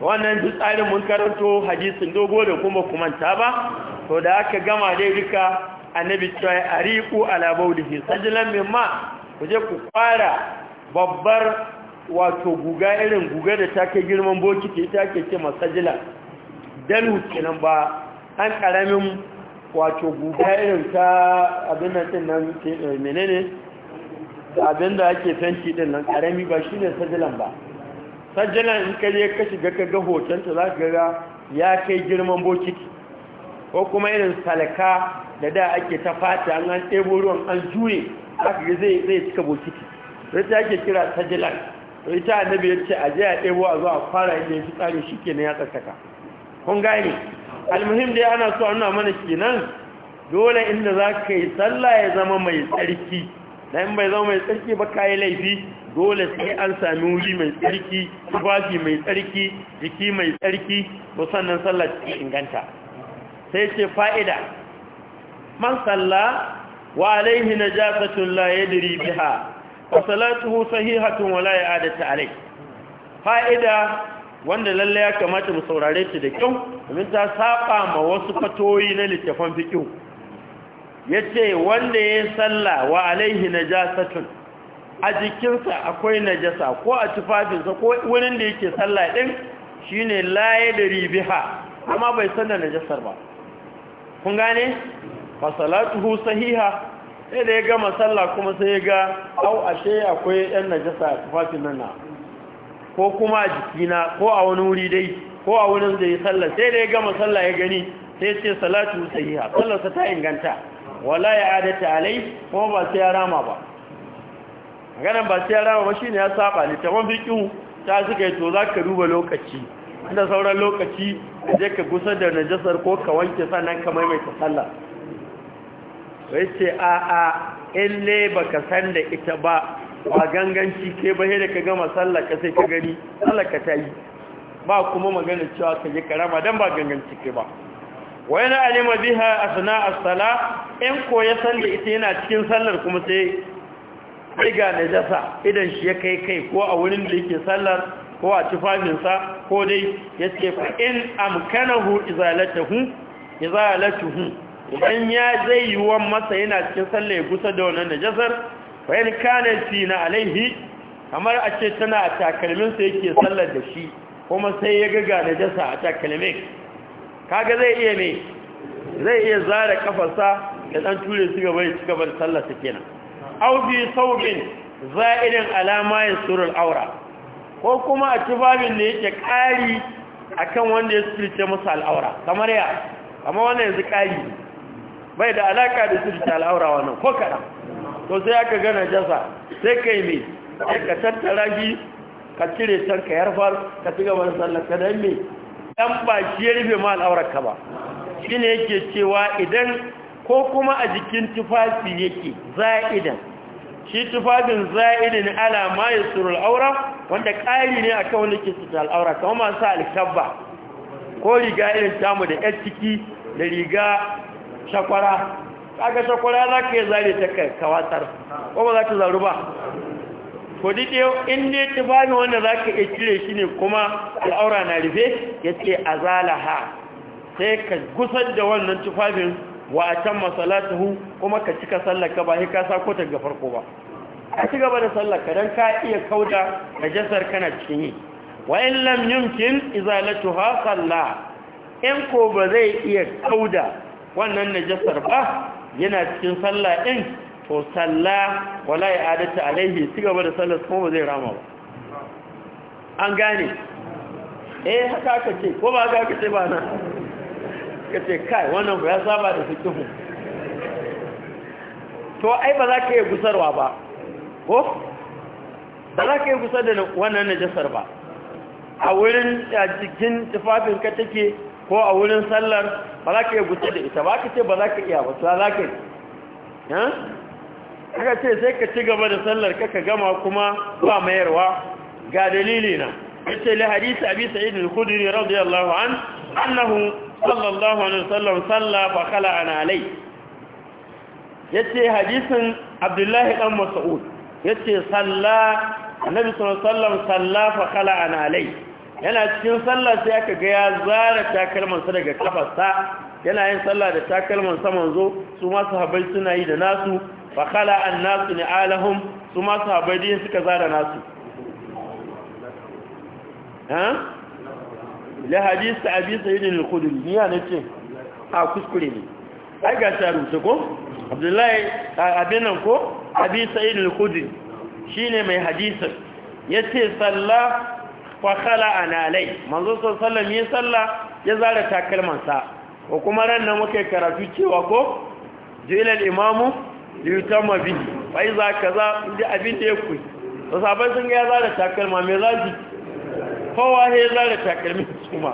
wannan fitsarin mun karanto hadisin dogo da kuma kumanta ba to da aka gama dai duka annabi cewa a riƙo alabau da ke sajilan min ma ku je ku kwara babbar wato guga irin guga da ta kai girman bokiti ta ke ce masajila dalu kenan ba an ƙaramin wato guga irin ta abin nan nan menene da abin da ake fenti din nan karami ba shine sajilan ba sajilan in ka je ka shiga ka ga hotonta za ka ga ya kai girman bokiti ko kuma irin salka da da ake ta fata an an ɗebo ruwan an juye aka ga zai zai cika bokiti sai ta ake kira sajilan to ita annabi ya ce a je a ɗebo a zo a fara inda ya fi tsari shi kenan ya tsakaka kun gane almuhim dai ana so a nuna mana kenan dole inda za ka yi sallah ya zama mai tsarki in bai zama mai tsarki ba kayi laifi dole sai an sami wuri mai tsarki tufafi mai tsarki jiki mai tsarki ba sannan sallar ta inganta sai ce fa'ida man salla wa alaihi najasatun la yadri biha wa sahi hatun wa laye adata alai. fa'ida wanda lallai ya kamata mu saurare ta da kyau domin ta saba ma wasu fatoyi na littafan fikin yace wanda yi sallah wa alaihi najasatun a jikinsa akwai najasa ko a tufafinsa ko wurin da yake sallah din shine la yadri biha amma bai san da najasar ba kun gane fa salatuhu sahiha sai da ya gama sallah kuma sai ya ga au ashe akwai yan najasa a tufafin nan ko kuma a jikina ko a wani wuri dai ko a wurin da ya sallah sai da ya gama sallah ya gani sai ce salatu sahiha sallarsa ta inganta wala ya adata alai kuma ba sai ya rama ba maganan ba sai ya rama ba shine ya saba ne tamam fiqhu ta suka yi to zaka duba lokaci inda sauran lokaci je ka gusa da najasar ko ka wanke sannan ka maimaita sallah sai ce a a in ne baka san da ita ba ba ganganci ke ba da ka gama sallah ka sai ka gani sallah ka ta ba kuma magana cewa ka je karama dan ba ganganci ke ba wa yana alima biha asna as-sala in ko ya ita yana cikin sallar kuma sai riga da jasa idan shi ya kai kai ko a wurin da yake sallar ko a tufafinsa ko dai yace fa in amkanahu izalatuhu izalatuhu idan ya zai wa masa yana cikin sallar ya gusa da wannan najasar fa in kana tina alaihi kamar a ce tana a takalminsa yake sallar da shi kuma sai ya ga najasa a takalmin kaga zai iya ne zai iya zare kafarsa ya dan ture su gaba ya ci gaba da sallar sa kenan aw bi thawbin za'irin alama yasurul aura ko kuma a tibabin da yake kari akan wanda ya surce masa al'aura kamar ya amma wannan yanzu kari bai da alaka da sirce al'aura wannan ko kada to sai aka gana jasa sai kai ne sai ka tattara shi ka cire tanka ka yarfar ka ci gaba da sallar ka dan me ɗan ba shi ya rufe ma al'aurarka ba shi ne yake cewa idan ko kuma a jikin tufafi yake za'idan shi tufafin za'idan alama ya surul aura wanda ƙari ne a kan nake ke suta al'aura kama masu alkabba ko riga irin tamu da ‘yar ciki da riga shakwara ƙaga shakwara za ka yi zare ta kawatar ko ba za ta zaru ba ko in dai tubani wanda ka iya cire shi ne kuma al'aura na rufe ya yace azalaha sai ka gusar da wannan tufafin wa atamma salatuhu kuma ka cika sallaka, ba sai ka sako ta ga farko ba a ci gaba da sallaka dan ka iya kauda najasar kana cikin yi wa in lam yumkin izalatuha salla in ko ba zai iya kauda wannan najasar ba yana cikin sallah din to salla wala ya adata alaihi ci gaba da sallar ba zai rama ba an gane eh haka aka ce ko ba haka aka ce ba na? ka ce kai wannan ba ya saba da fikihu to ai ba za ka yi gusarwa ba ko ba za ka yi gusar da wannan najasar ba a wurin cikin tufafin ka take ko a wurin sallar ba za ka yi gusar da ita ba ka ce ba za ka iya ba za ka yi aka ce sai ka ci gaba da sallar ka ka gama kuma ba mayarwa ga dalili na yace li hadisi abi sa'id al-khudri radiyallahu an annahu sallallahu alaihi wasallam salla fa alai yace hadisin abdullahi dan mas'ud yace salla annabi sallallahu alaihi wasallam salla fa alai yana cikin sallah sai aka ga ya zara takalmansa daga kafarsa yana yin sallah da takalman sa manzo su ma sahabbai suna yi da nasu an nasu ni ni'alahum su ma sahabbai din suka zara nasu ha hadisa Abisa yi ne al kudin ni na ce a kuskure ne ai ga ta rubuta ko abdullahi abinan ko? ko yi sayyid al shi ne mai ya ce salla fakala a nalai manzo sun alaihi wasallam ya salla ya zara takalmansa ko kuma ran nan muka karatu cewa ko jilal imamu liyutama bihi fa iza kaza inda abin da ya to sabai sun ga ya da takalma me zaji kowa ya da takalmi kuma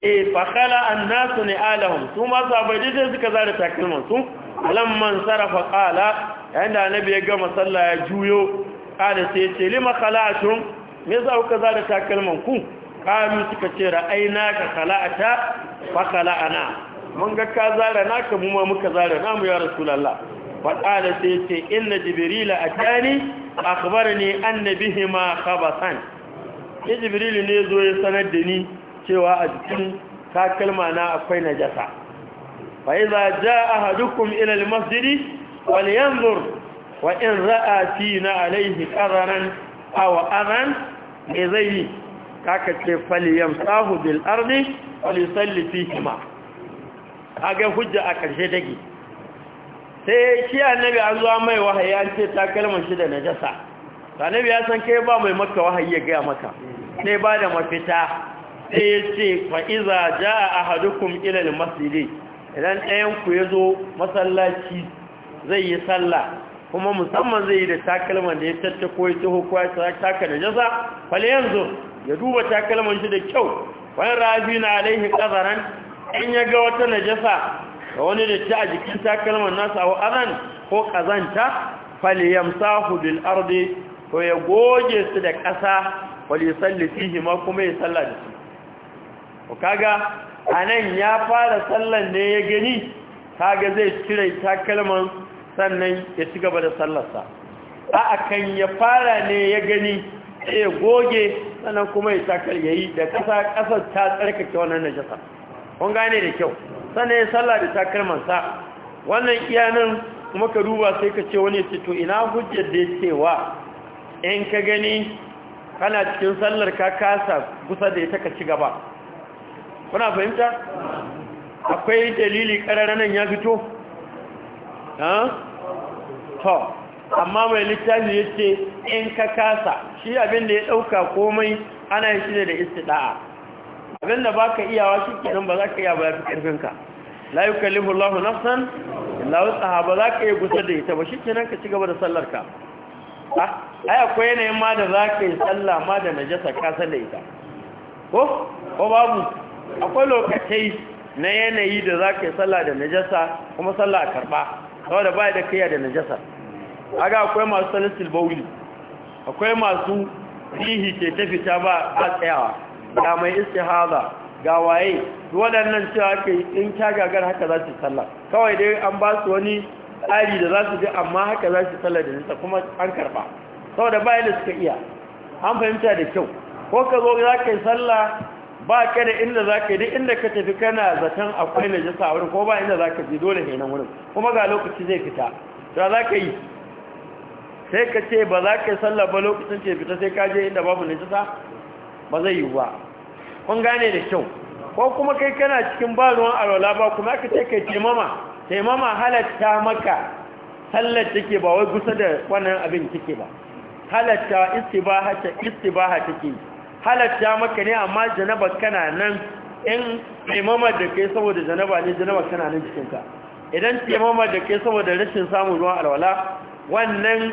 e eh, fa khala annasu ni alahum su ma sabai da suka da takalman su man sarafa qala yanda annabi ya gama sallah ya juyo qala sai ce lima khala'atum me za ku da takalman ku kalu suka ce ra'ayna ka khala'ata fa khala'ana mun ga ka zara naka mu ma muka zara namu ya rasulullah faƙala sai ce inna jibrila a tani akbar ne annabihi ma kabasan ya jibrilu ne zo ya sanar da ni cewa a jikin takalma na akwai najasa fa iza ilal ahadukum ila almasjidi falyanzur wa in alaihi fina alayhi qararan aw aran izayni kaka ce falyamsahu bil arzi wa yusalli fihi ma kaga hujja a ƙarshe dage sai shi annabi an zuwa mai wahayi an ce takalman shi da najasa annabi ya san kai ba mai maka wahayi ya gaya maka sai ba da mafita sai ya ce fa'iza ja a ahadukum ilal masjidi idan ɗayan ku ya zo masallaci zai yi sallah kuma musamman zai yi da takalman da ya tattako ya taho ko ya taka jasa. fale yanzu ya duba takalman shi da kyau wani rabi na alaihi kazaran in ya ga wata najasa Ka wani da ta a jikin takalman nasa wa aran ko kazanta falyamsahu bil ardi to ya goge su da ƙasa walisalli fihi ma kuma ya salla da su ko kaga anan ya fara sallan ne ya gani kaga zai cire takalman sannan ya ci gaba da sallarsa a akan ya fara ne ya gani sai ya goge sannan kuma ya takal yayi da ƙasa ƙasar ta tsarkake wannan najasa kun gane da kyau sannan ya salla da takalmansa wannan iyanan kuma ka duba sai ka ce wani ce to ina hujjar da ya cewa in ka gani kana cikin sallar ka kasa kusa da ita ka ci gaba kuna fahimta akwai dalili nan ya fito to amma mai littafi ya ce in ka kasa shi abin da ya ɗauka komai ana yi shi da istida'a Abin da baka iyawa kenan ba za ka iya ba ya fi karfin ka la yukallifu Allahu nafsan illa wus'aha ba za ka iya gusa da ita ba kenan ka ci gaba da sallar ka ai akwai yanayin ma da za ka yi sallah ma da najasa ka sallar ita ko ko babu akwai lokacai na yanayi da za ka yi sallah da najasa kuma sallah a karɓa saboda ba da kaiya da najasa aga akwai masu salatul bauli akwai masu rihi ke ta fita ba a tsayawa ga mai istihada ga waye waɗannan cewa ake in ta gagar haka za su sallah kawai dai an ba su wani tsari da za su ji amma haka za su sallah da nisa kuma an karɓa saboda bayan da suka iya an fahimta da kyau ko ka zo za ka yi sallah ba ka da inda za ka yi duk inda ka tafi kana zaton akwai na a wurin ko ba inda za ka je dole hainan nan wurin kuma ga lokaci zai fita da za ka yi sai ka ce ba za ka yi sallah ba lokacin ce fita sai ka je inda babu jisa ba zai yi ba kun gane da kyau ko kuma kai kana cikin ba ruwan alwala ba kuma aka ce kai taimama taimama halatta maka sallar take ba wai gusa da wannan abin take ba halatta istibaha ta istibaha take halatta maka ne amma janaba kana nan in taimama da kai saboda janaba ne janaba kana nan ka idan taimama da kai saboda rashin samun ruwan alwala wannan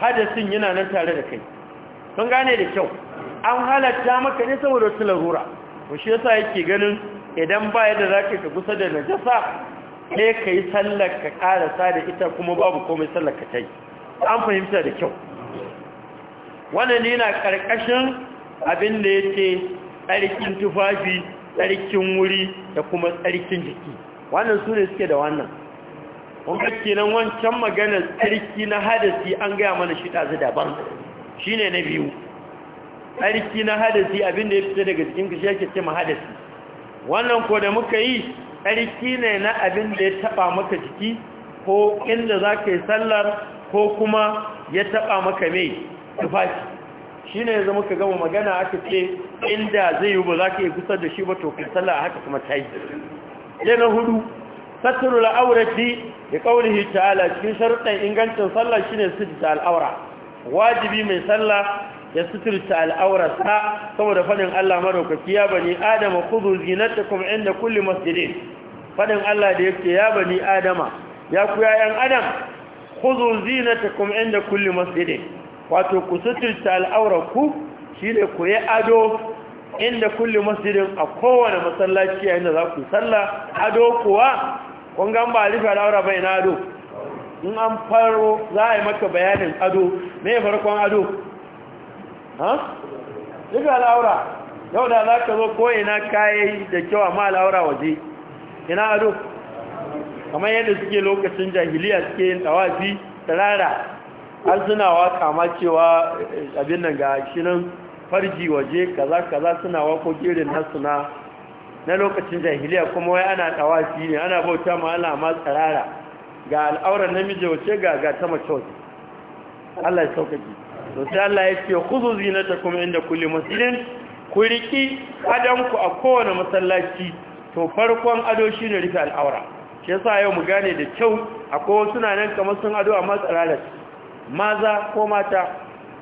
hadasin yana nan tare da kai kun gane da kyau an halatta maka ne saboda wasu larura ko shi yasa yake ganin idan ba yadda za ka kusa da najasa ne ka yi sallar ka karasa da ita kuma babu komai sallar ka ta'i. an fahimta da kyau wannan ne na ƙarƙashin abin da ya ce tsarkin tufafi tsarkin wuri da kuma tsarkin jiki wannan su ne suke da wannan wanda kenan wancan maganar tsarki na hadasi an gaya mana shi ɗazu daban shi ne na biyu tsarki na hadasi abinda ya fita daga cikin kashi yake ce hadasi wannan ko da muka yi tsarki ne na abinda ya taba maka jiki ko inda za ka yi sallar ko kuma ya taba maka mai tufafi shi ne yanzu muka gama magana aka ce inda zai yi ba za ka yi gusar da shi ba to kai sallar haka kuma ta yi sai na hudu satturu la'aurati da kaunihi ta'ala cikin sharuɗan ingancin su shine ta al'aura wajibi mai sallah ya suturta al'aurarsa saboda fadin Allah madaukaki ya bani adama khudhu zinatakum inda kulli masjidin fadin Allah da yake ya bani adama ya ku yayan adam khudhu zinatakum inda kulli masjidin wato ku suturta al'aurarku shine ku yi ado inda kulli masjidin a kowane masallaci yayin da za ku sallah ado kuwa kun ga ba rufe al'aura bai na ado in an faro za a yi maka bayanin ado me farkon ado ha duk al'aura yau da za ka zo ko ina kayayi da kyau amma al'aura waje ina ado kamar yadda suke lokacin jahiliya suke yin tsawafi tsirara har suna waka ma cewa abin nan ga shirin farji waje kaza kaza suna wako irin nasu na na lokacin jahiliya kuma wai ana tsawafi ne ana bauta ma ana ma tsirara ga al'aurar namiji wace ga ga ta mace Allah ya sauƙaƙe to sai Allah ya ce khuzu zinatakum inda kulli muslimin ku riki adanku a kowane masallaci to farkon ado shine rufe al'aura shi yasa yau mu gane da kyau akwai suna nan kamar sun ado amma tsarara maza ko mata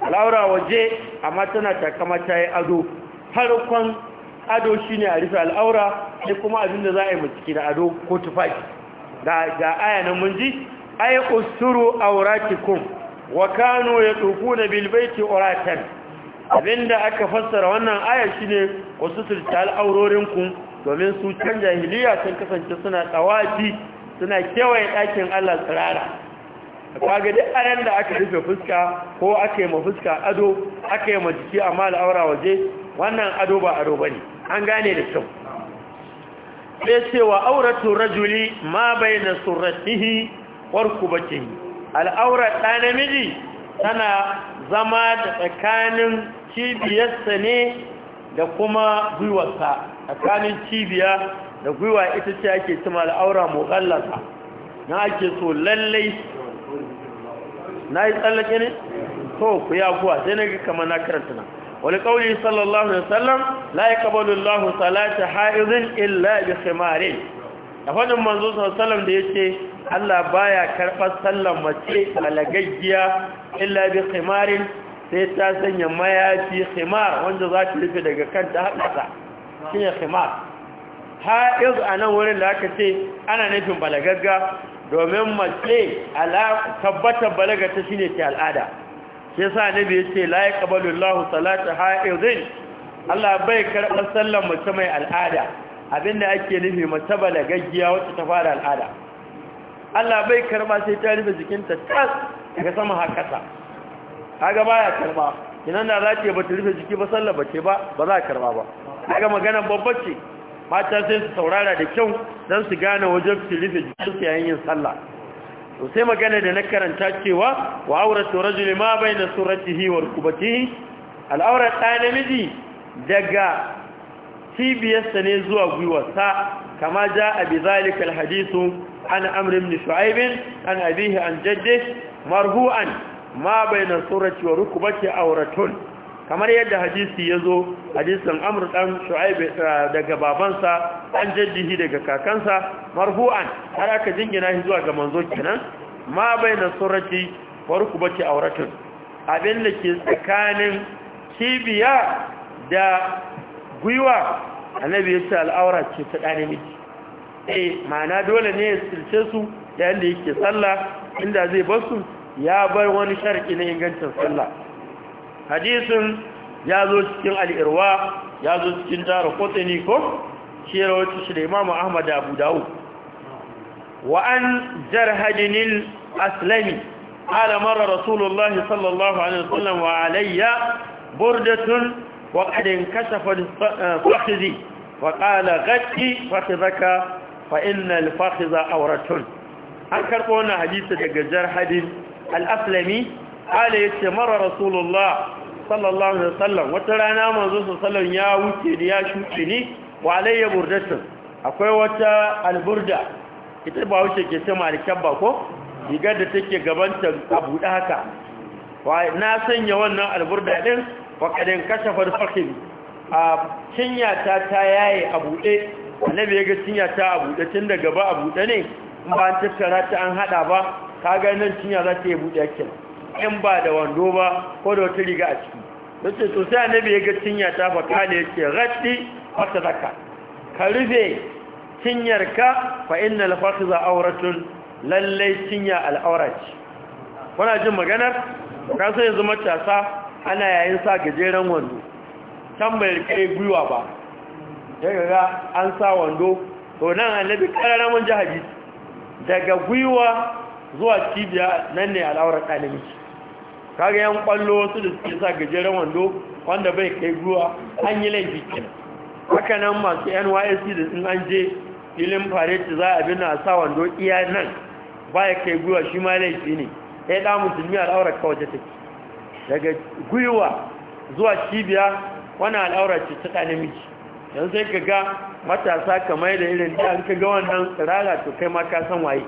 al'aura waje amma tana takama ta yi ado farkon ado shine a rufe al'aura sai kuma abinda za a yi mu ciki da ado ko tufafi da ga aya nan mun ji ay usuru awratikum wa kanu ya tsoku na bilbaiti oratan abinda aka fassara wannan 'ayar shine ne wasu sulta al'aurorinku domin su can jahiliya sun kasance suna tsawafi suna kewaye ɗakin allah tsirara kaga duk aran da aka rufe fuska ko aka yi ma fuska ado aka yi ma jiki amma al'aura waje wannan ado ba ado bane an gane da kyau sai cewa auratu rajuli ma baina surratihi wa rukbatihi al'aurar ɗa namiji tana zama da tsakanin cibiyarsa ne da kuma gwiwarsa tsakanin cibiya da gwiwa ita ce ake cima al'aura mokallasa na ake so lallai na yi tsallake ne? to ku ya kuwa sai na kama na karanta na wani ƙauri sallallahu alaihi sallam! la ya salata ha'izin illa bi khimare da fannin manzo sallam da yace Allah baya karbar sallan mace alagaggiya illa bi khimarin sai ta sanya mayafi khimar wanda za ta rufe daga kanta haƙasa shine khimar ha'iz a nan wurin da aka ce ana nufin balagagga domin mace ala balaga ta shine ta al'ada sai sa nabi yace la yaqbalu Allahu salata ha'izin Allah bai karbar sallan mace mai al'ada Abin da ake nufi mace balagaggiya wacce ta fara al'ada Allah bai karba sai ta rufe jikinta tas daga sama kasa kaga baya karba kinan da zaki ba ta rufe jiki ba sallah ba ce ba ba za karba ba kaga magana babba ce mata sai su saurara da kyau dan su gane wajen su rufe jikinsu yayin yin sallah to sai magana da na karanta cewa wa auratu rajuli ma baina suratihi wa rukbatihi al'aurat ta namiji daga cibiyarsa ne zuwa gwiwarsa kama ja a bizalikal hadisu an amrin shu'aibin an abihi an jadde marhu'an ma bai na tsoraci wa rukubake auratun kamar yadda hadisi ya zo hadisun amur ɗan eh, daga babansa an jaddihi daga kakansa marhu'an har aka jingina shi zuwa ga manzo kenan ma bai na tsoraci wa bake auratun abin da ke tsakanin cibiya da gwiwa annabi ya ce al'aura ce ta ɗane miji eh ma'ana dole ne ya silce su yayin da yake sallah inda zai basu ya bar wani sharki na ingancin sallah hadisin ya zo cikin al'irwa ya zo cikin kotse ne ko shi ya shi da imamu ahmad abu dawo wa an jarhadinin aslami ala mara rasulullahi sallallahu alaihi wasallam wa alayya burdatun وقد انكشف الفخذ وقال غطي فخذك فإن الفخذ أورة أنكر قولنا حديثة جزار حديث الأسلمي قال يتمر رسول الله صلى الله عليه وسلم وترانا من رسول صلى الله عليه وسلم يا وكي يا شوكي وعلي بردته akwai wata alburda ita ba wuce ke ta malikan ba ko rigar da take gabanta a buɗe haka na sanya wannan alburda ɗin wakadin kashe fakin a cinya ta yaye a buɗe annabi ya ga cinya ta a buɗe tun daga ba a buɗe ne in ba an tattara ta an haɗa ba ka ganin cinya za ta yi buɗe ake in ba da wando ba ko da wata riga a ciki sosai to sai annabi ya ga cinyata faƙale ya ce raɗi wata zaka ka rufe cinyarka fa inna lafafiza auratun lallai cinya al'aura ce kuna jin maganar ka sai yanzu matasa ana yayin sa gajeren wando can bai rike gwiwa ba daga ga an sa wando to nan annabi ji hadisi daga gwiwa zuwa cibiya nan ne al'aurar ɗalibi kaga yan kwallo su da suke sa gajeren wando wanda bai kai gwiwa an yi laifi kenan haka nan masu nysc da sun an je filin fareti za a bi na sa wando iya nan ba ya kai gwiwa shi ma laifi ne ya ɗa musulmi al'aurar kawace take daga gwiwa zuwa cibiya wani al'aura ce ta namiji yanzu sai ka ga matasa kamar da irin da an ka ga wannan tsirara to kai ma ka san waye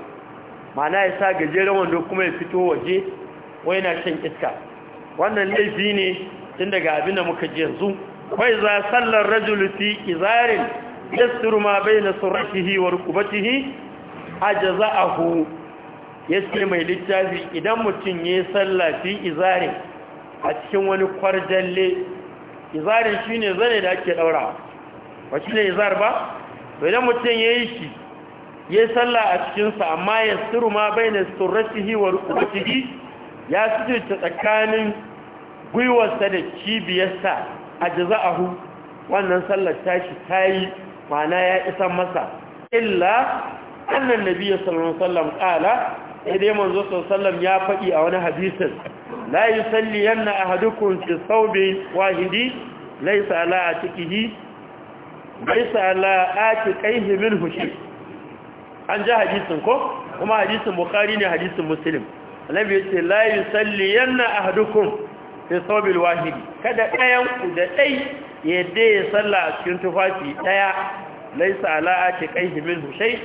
mana ya sa gajeren wando kuma ya fito waje wai na shan iska wannan laifi ne tun daga abin da muka ji yanzu kai za sallar rajulu fi izarin yasturu ma baina suratihi wa rukubatihi ajza'ahu yace mai littafi idan mutum yayi sallah fi izarin a cikin wani kwarjalle izari shi ne zane da ake ɗaura ba shi ne izar ba idan mutum ya yi shi ya yi salla a cikinsa amma ya suru ma bai na surratihi wa rukukihi ya ta tsakanin gwiwarsa da cibiyarsa a jaza'ahu wannan sallar tashi tayi yi mana ya isan masa illa annan nabi sallallahu alaihi wasallam kala sai dai manzo sallallahu ya faɗi a wani hadisin la yusalli yanna ahadukum fi thawbin wahidi laysa ala atikihi laysa ala atikaihi minhu shay an ji hadisin ko kuma hadisin bukhari ne hadisin muslim annabi yace la yusalli yanna ahadukum fi thawbin wahidi kada ɗayan ku da ɗai yadda ya salla a cikin tufafi ɗaya laysa ala atikaihi minhu shay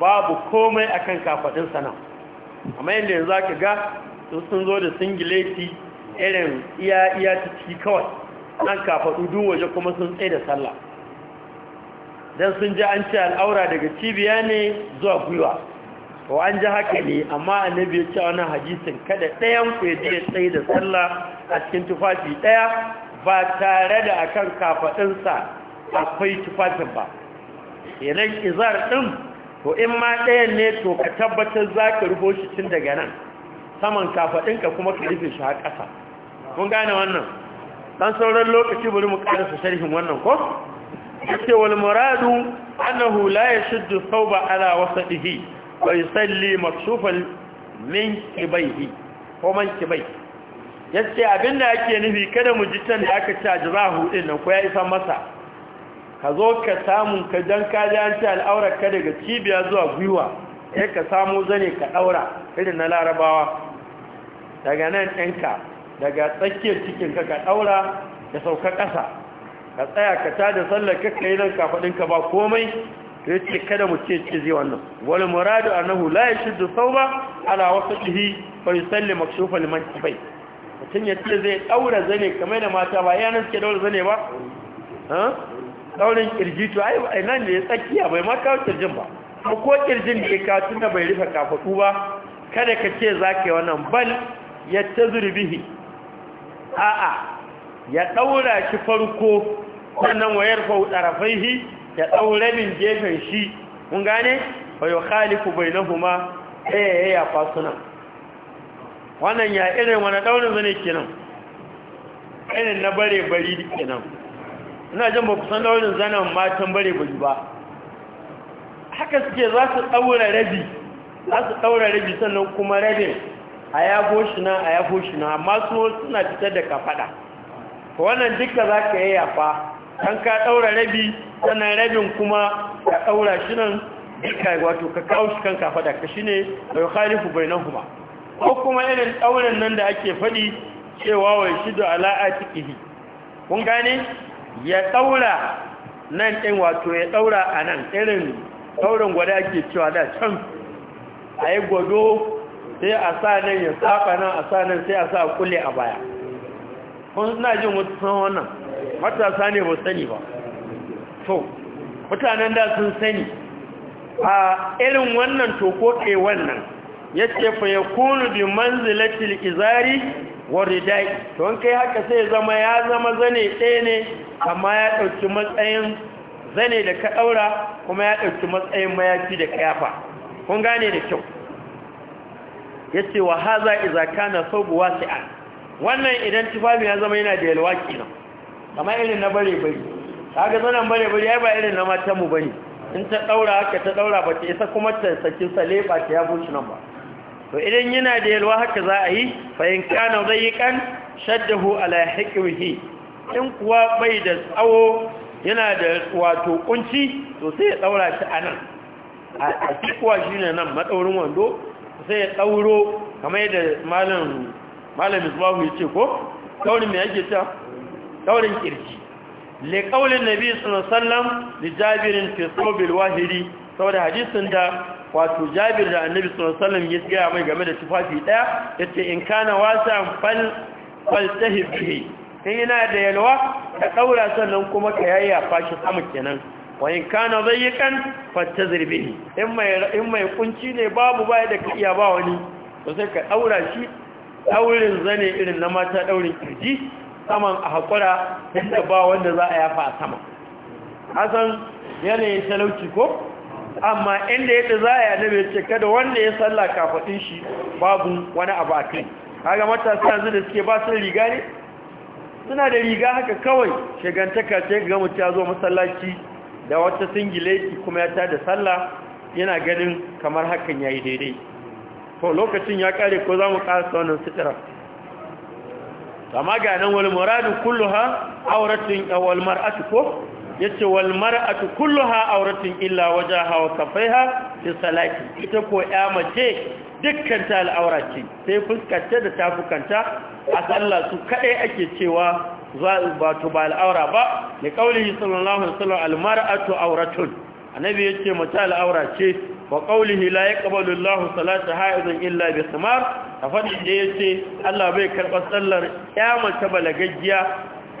babu komai akan kafadin sana'a. amma yadda yanzu aka ga sun zo da singileti irin iya iya ciki kawai an kafaɗu duk waje kuma sun tsaye da sallah don sun ji an ce al'aura daga cibiya ne zuwa gwiwa ko an ji haka ne amma annabi ya ce wannan hadisin kada ɗayan ku ya tsaye da sallah a cikin tufafi ɗaya ba tare da akan kafaɗinsa akwai tufafin ba kenan izar ɗin to in ma ɗayan ne to ka tabbatar za ka rufo shi tun daga nan saman kafaɗinka kuma ka rufe shi har ƙasa mun gane wannan ɗan sauran lokaci bari mu ƙarasa sharhin wannan ko yake wal muradu annahu la yashuddu thawba ala wasadihi wa yusalli maksufan min kibaihi ko man kibai yace abinda yake nufi kada mu ji tan da aka ci a ajrahu din nan ko ya isa masa ka zo ka samu ka dan ka janci al'aurarka daga cibiya zuwa gwiwa sai ka samu zane ka ɗaura irin na larabawa daga nan ɗinka daga tsakiyar cikinka ka ɗaura da sauka ƙasa ka tsaya ka ta da sallar ka kai nan kafaɗinka ba komai ya ce kada mu ce ce zai wannan wani muradu a la layi shiddu sau ba ala wasu ɗihi bai salli makshufa liman kifai mutum ya ce zai ɗaura zane kamar da mata ba yanar suke ɗaura zane ba daurin ƙirji to ai nan ne tsakiya bai ma kawo kirjin ba ko kirjin da ya kawo bai rufe kafaɗu ba kada ka ce za ka yi wannan bal ya ta zurbihi a'a ya ɗaura shi farko wannan wayar fautarafaihi ya ɗaura min gefen shi kun gane ba yau khalifu bai na huma ɗaya ya fasu nan wannan ya irin wani ɗaurin zane kenan irin na bare bari kenan ina jan ba kusan daurin zanen matan bare guji ba haka suke za su ɗaura rabi za su ɗaura rabi sannan kuma rabin a ya goshi nan a ya goshi nan amma su suna fitar da kafaɗa wannan duka za ka yi yafa kan ka ɗaura rabi sannan rabin kuma ka ɗaura shi nan duka wato ka kawo shi kan kafaɗa ka shi ne bai khalifu bai nan kuma ko kuma irin ɗaurin nan da ake faɗi cewa wai shi da ala'atiki kun gane ya ɗaura nan ɗin wato ya ɗaura a nan irin ɗaurin gwada ake cewa da can a yi gwado sai a sa nan ya saba nan a sa nan sai a sa kulle a baya kun suna jin wasu san wannan matasa ne ba sani ba to mutanen da sun sani a irin wannan toko ke wannan ya ce fa ya kunu bi manzilatil izari dai to an kai haka sai zama ya zama zane ɗaya ne amma ya ɗauki matsayin zane da ka ɗaura kuma ya ɗauki matsayin mayafi da kayafa kun gane da kyau ya ce wa haza iza kana sai wasi'an wannan idan tufafi ya zama yana da yalwa kenan amma irin na bare Ta kaga zanen bare bari ya ba irin na matanmu mu bane in ta ɗaura haka ta ɗaura ba ta isa kuma ta saki sale ba ta ya bushi nan ba to idan yana da yalwa haka za a yi fahim kana zayikan shaddahu ala hikmihi in kuwa bai da tsawo yana da wato kunci to sai ya daura shi a nan a cikuwa shi ne nan madaurin wando sai ya dauro kamar yadda malam zubahu ya ce ko daurin mai yake ta daurin kirki le kaulin nabi sallallahu alaihi wasallam li jabirin fi sabil wahidi saboda hadisin da wato jabir da annabi sallallahu alaihi wasallam ya mai game da tufafi daya yace in kana wasan fal faltahib bihi kai yana da yalwa ka daura sannan kuma ka yayya fashi sama kenan wa in kana dayyikan fatazribi in mai in mai kunci ne babu bai da kiya ba wani to sai ka daura shi daurin zane irin na mata daurin kirji saman a hakura inda ba wanda za a yafa a sama hasan yanayin talauci ko amma inda yadda za a yi annabi ce kada wanda ya salla kafaɗin shi babu wani abu a kai kaga matasa yanzu da suke ba su da riga ne suna da riga haka kawai shagantaka ce ga mutum ya zo masallaci da wata singileti kuma ya tada sallah yana ganin kamar hakan yayi daidai to lokacin ya kare ko za mu ƙarasa wannan sutura amma ga nan wal muradu kulluha auratin awal mar'atu ko yace a mar'atu ha awratun illa wajaha wa kaffaiha fi salati ita ko ya mace dukkan ta al'aura ce sai fuskarta da tafukanta a sallah su kadai ake cewa ba to ba al'aura ba ne kaulihi sallallahu alaihi wasallam al mar'atu awratun annabi yace mace al'aura ce wa qawlihi la yaqbalu Allahu salata haizan illa bi A afadi da yace Allah bai karɓar sallar ya mace balagaggiya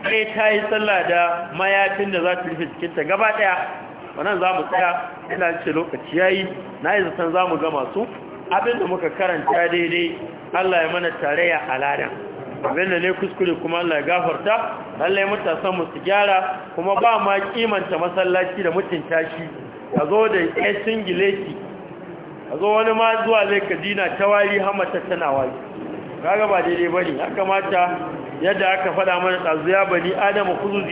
ɗaya ta yi sallah da mayafin da za ta rufe cikinta gaba ɗaya wannan za mu tsaya ina ce lokaci ya yi na yi zaton za mu gama su abin da muka karanta daidai allah ya mana tarayya a ladan abin da ne kuskure kuma allah ya gafarta lallai matasan mu su gyara kuma ba ma kimanta masallaci da mutunta shi a zo da ya singileti a zo wani ma zuwa zai kadina ta wari hamata tana wari kaga ba daidai ba ne ya kamata yadda aka faɗa mana ɗazu ya bani adama kuzu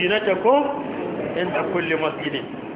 ko inda kulli masjidin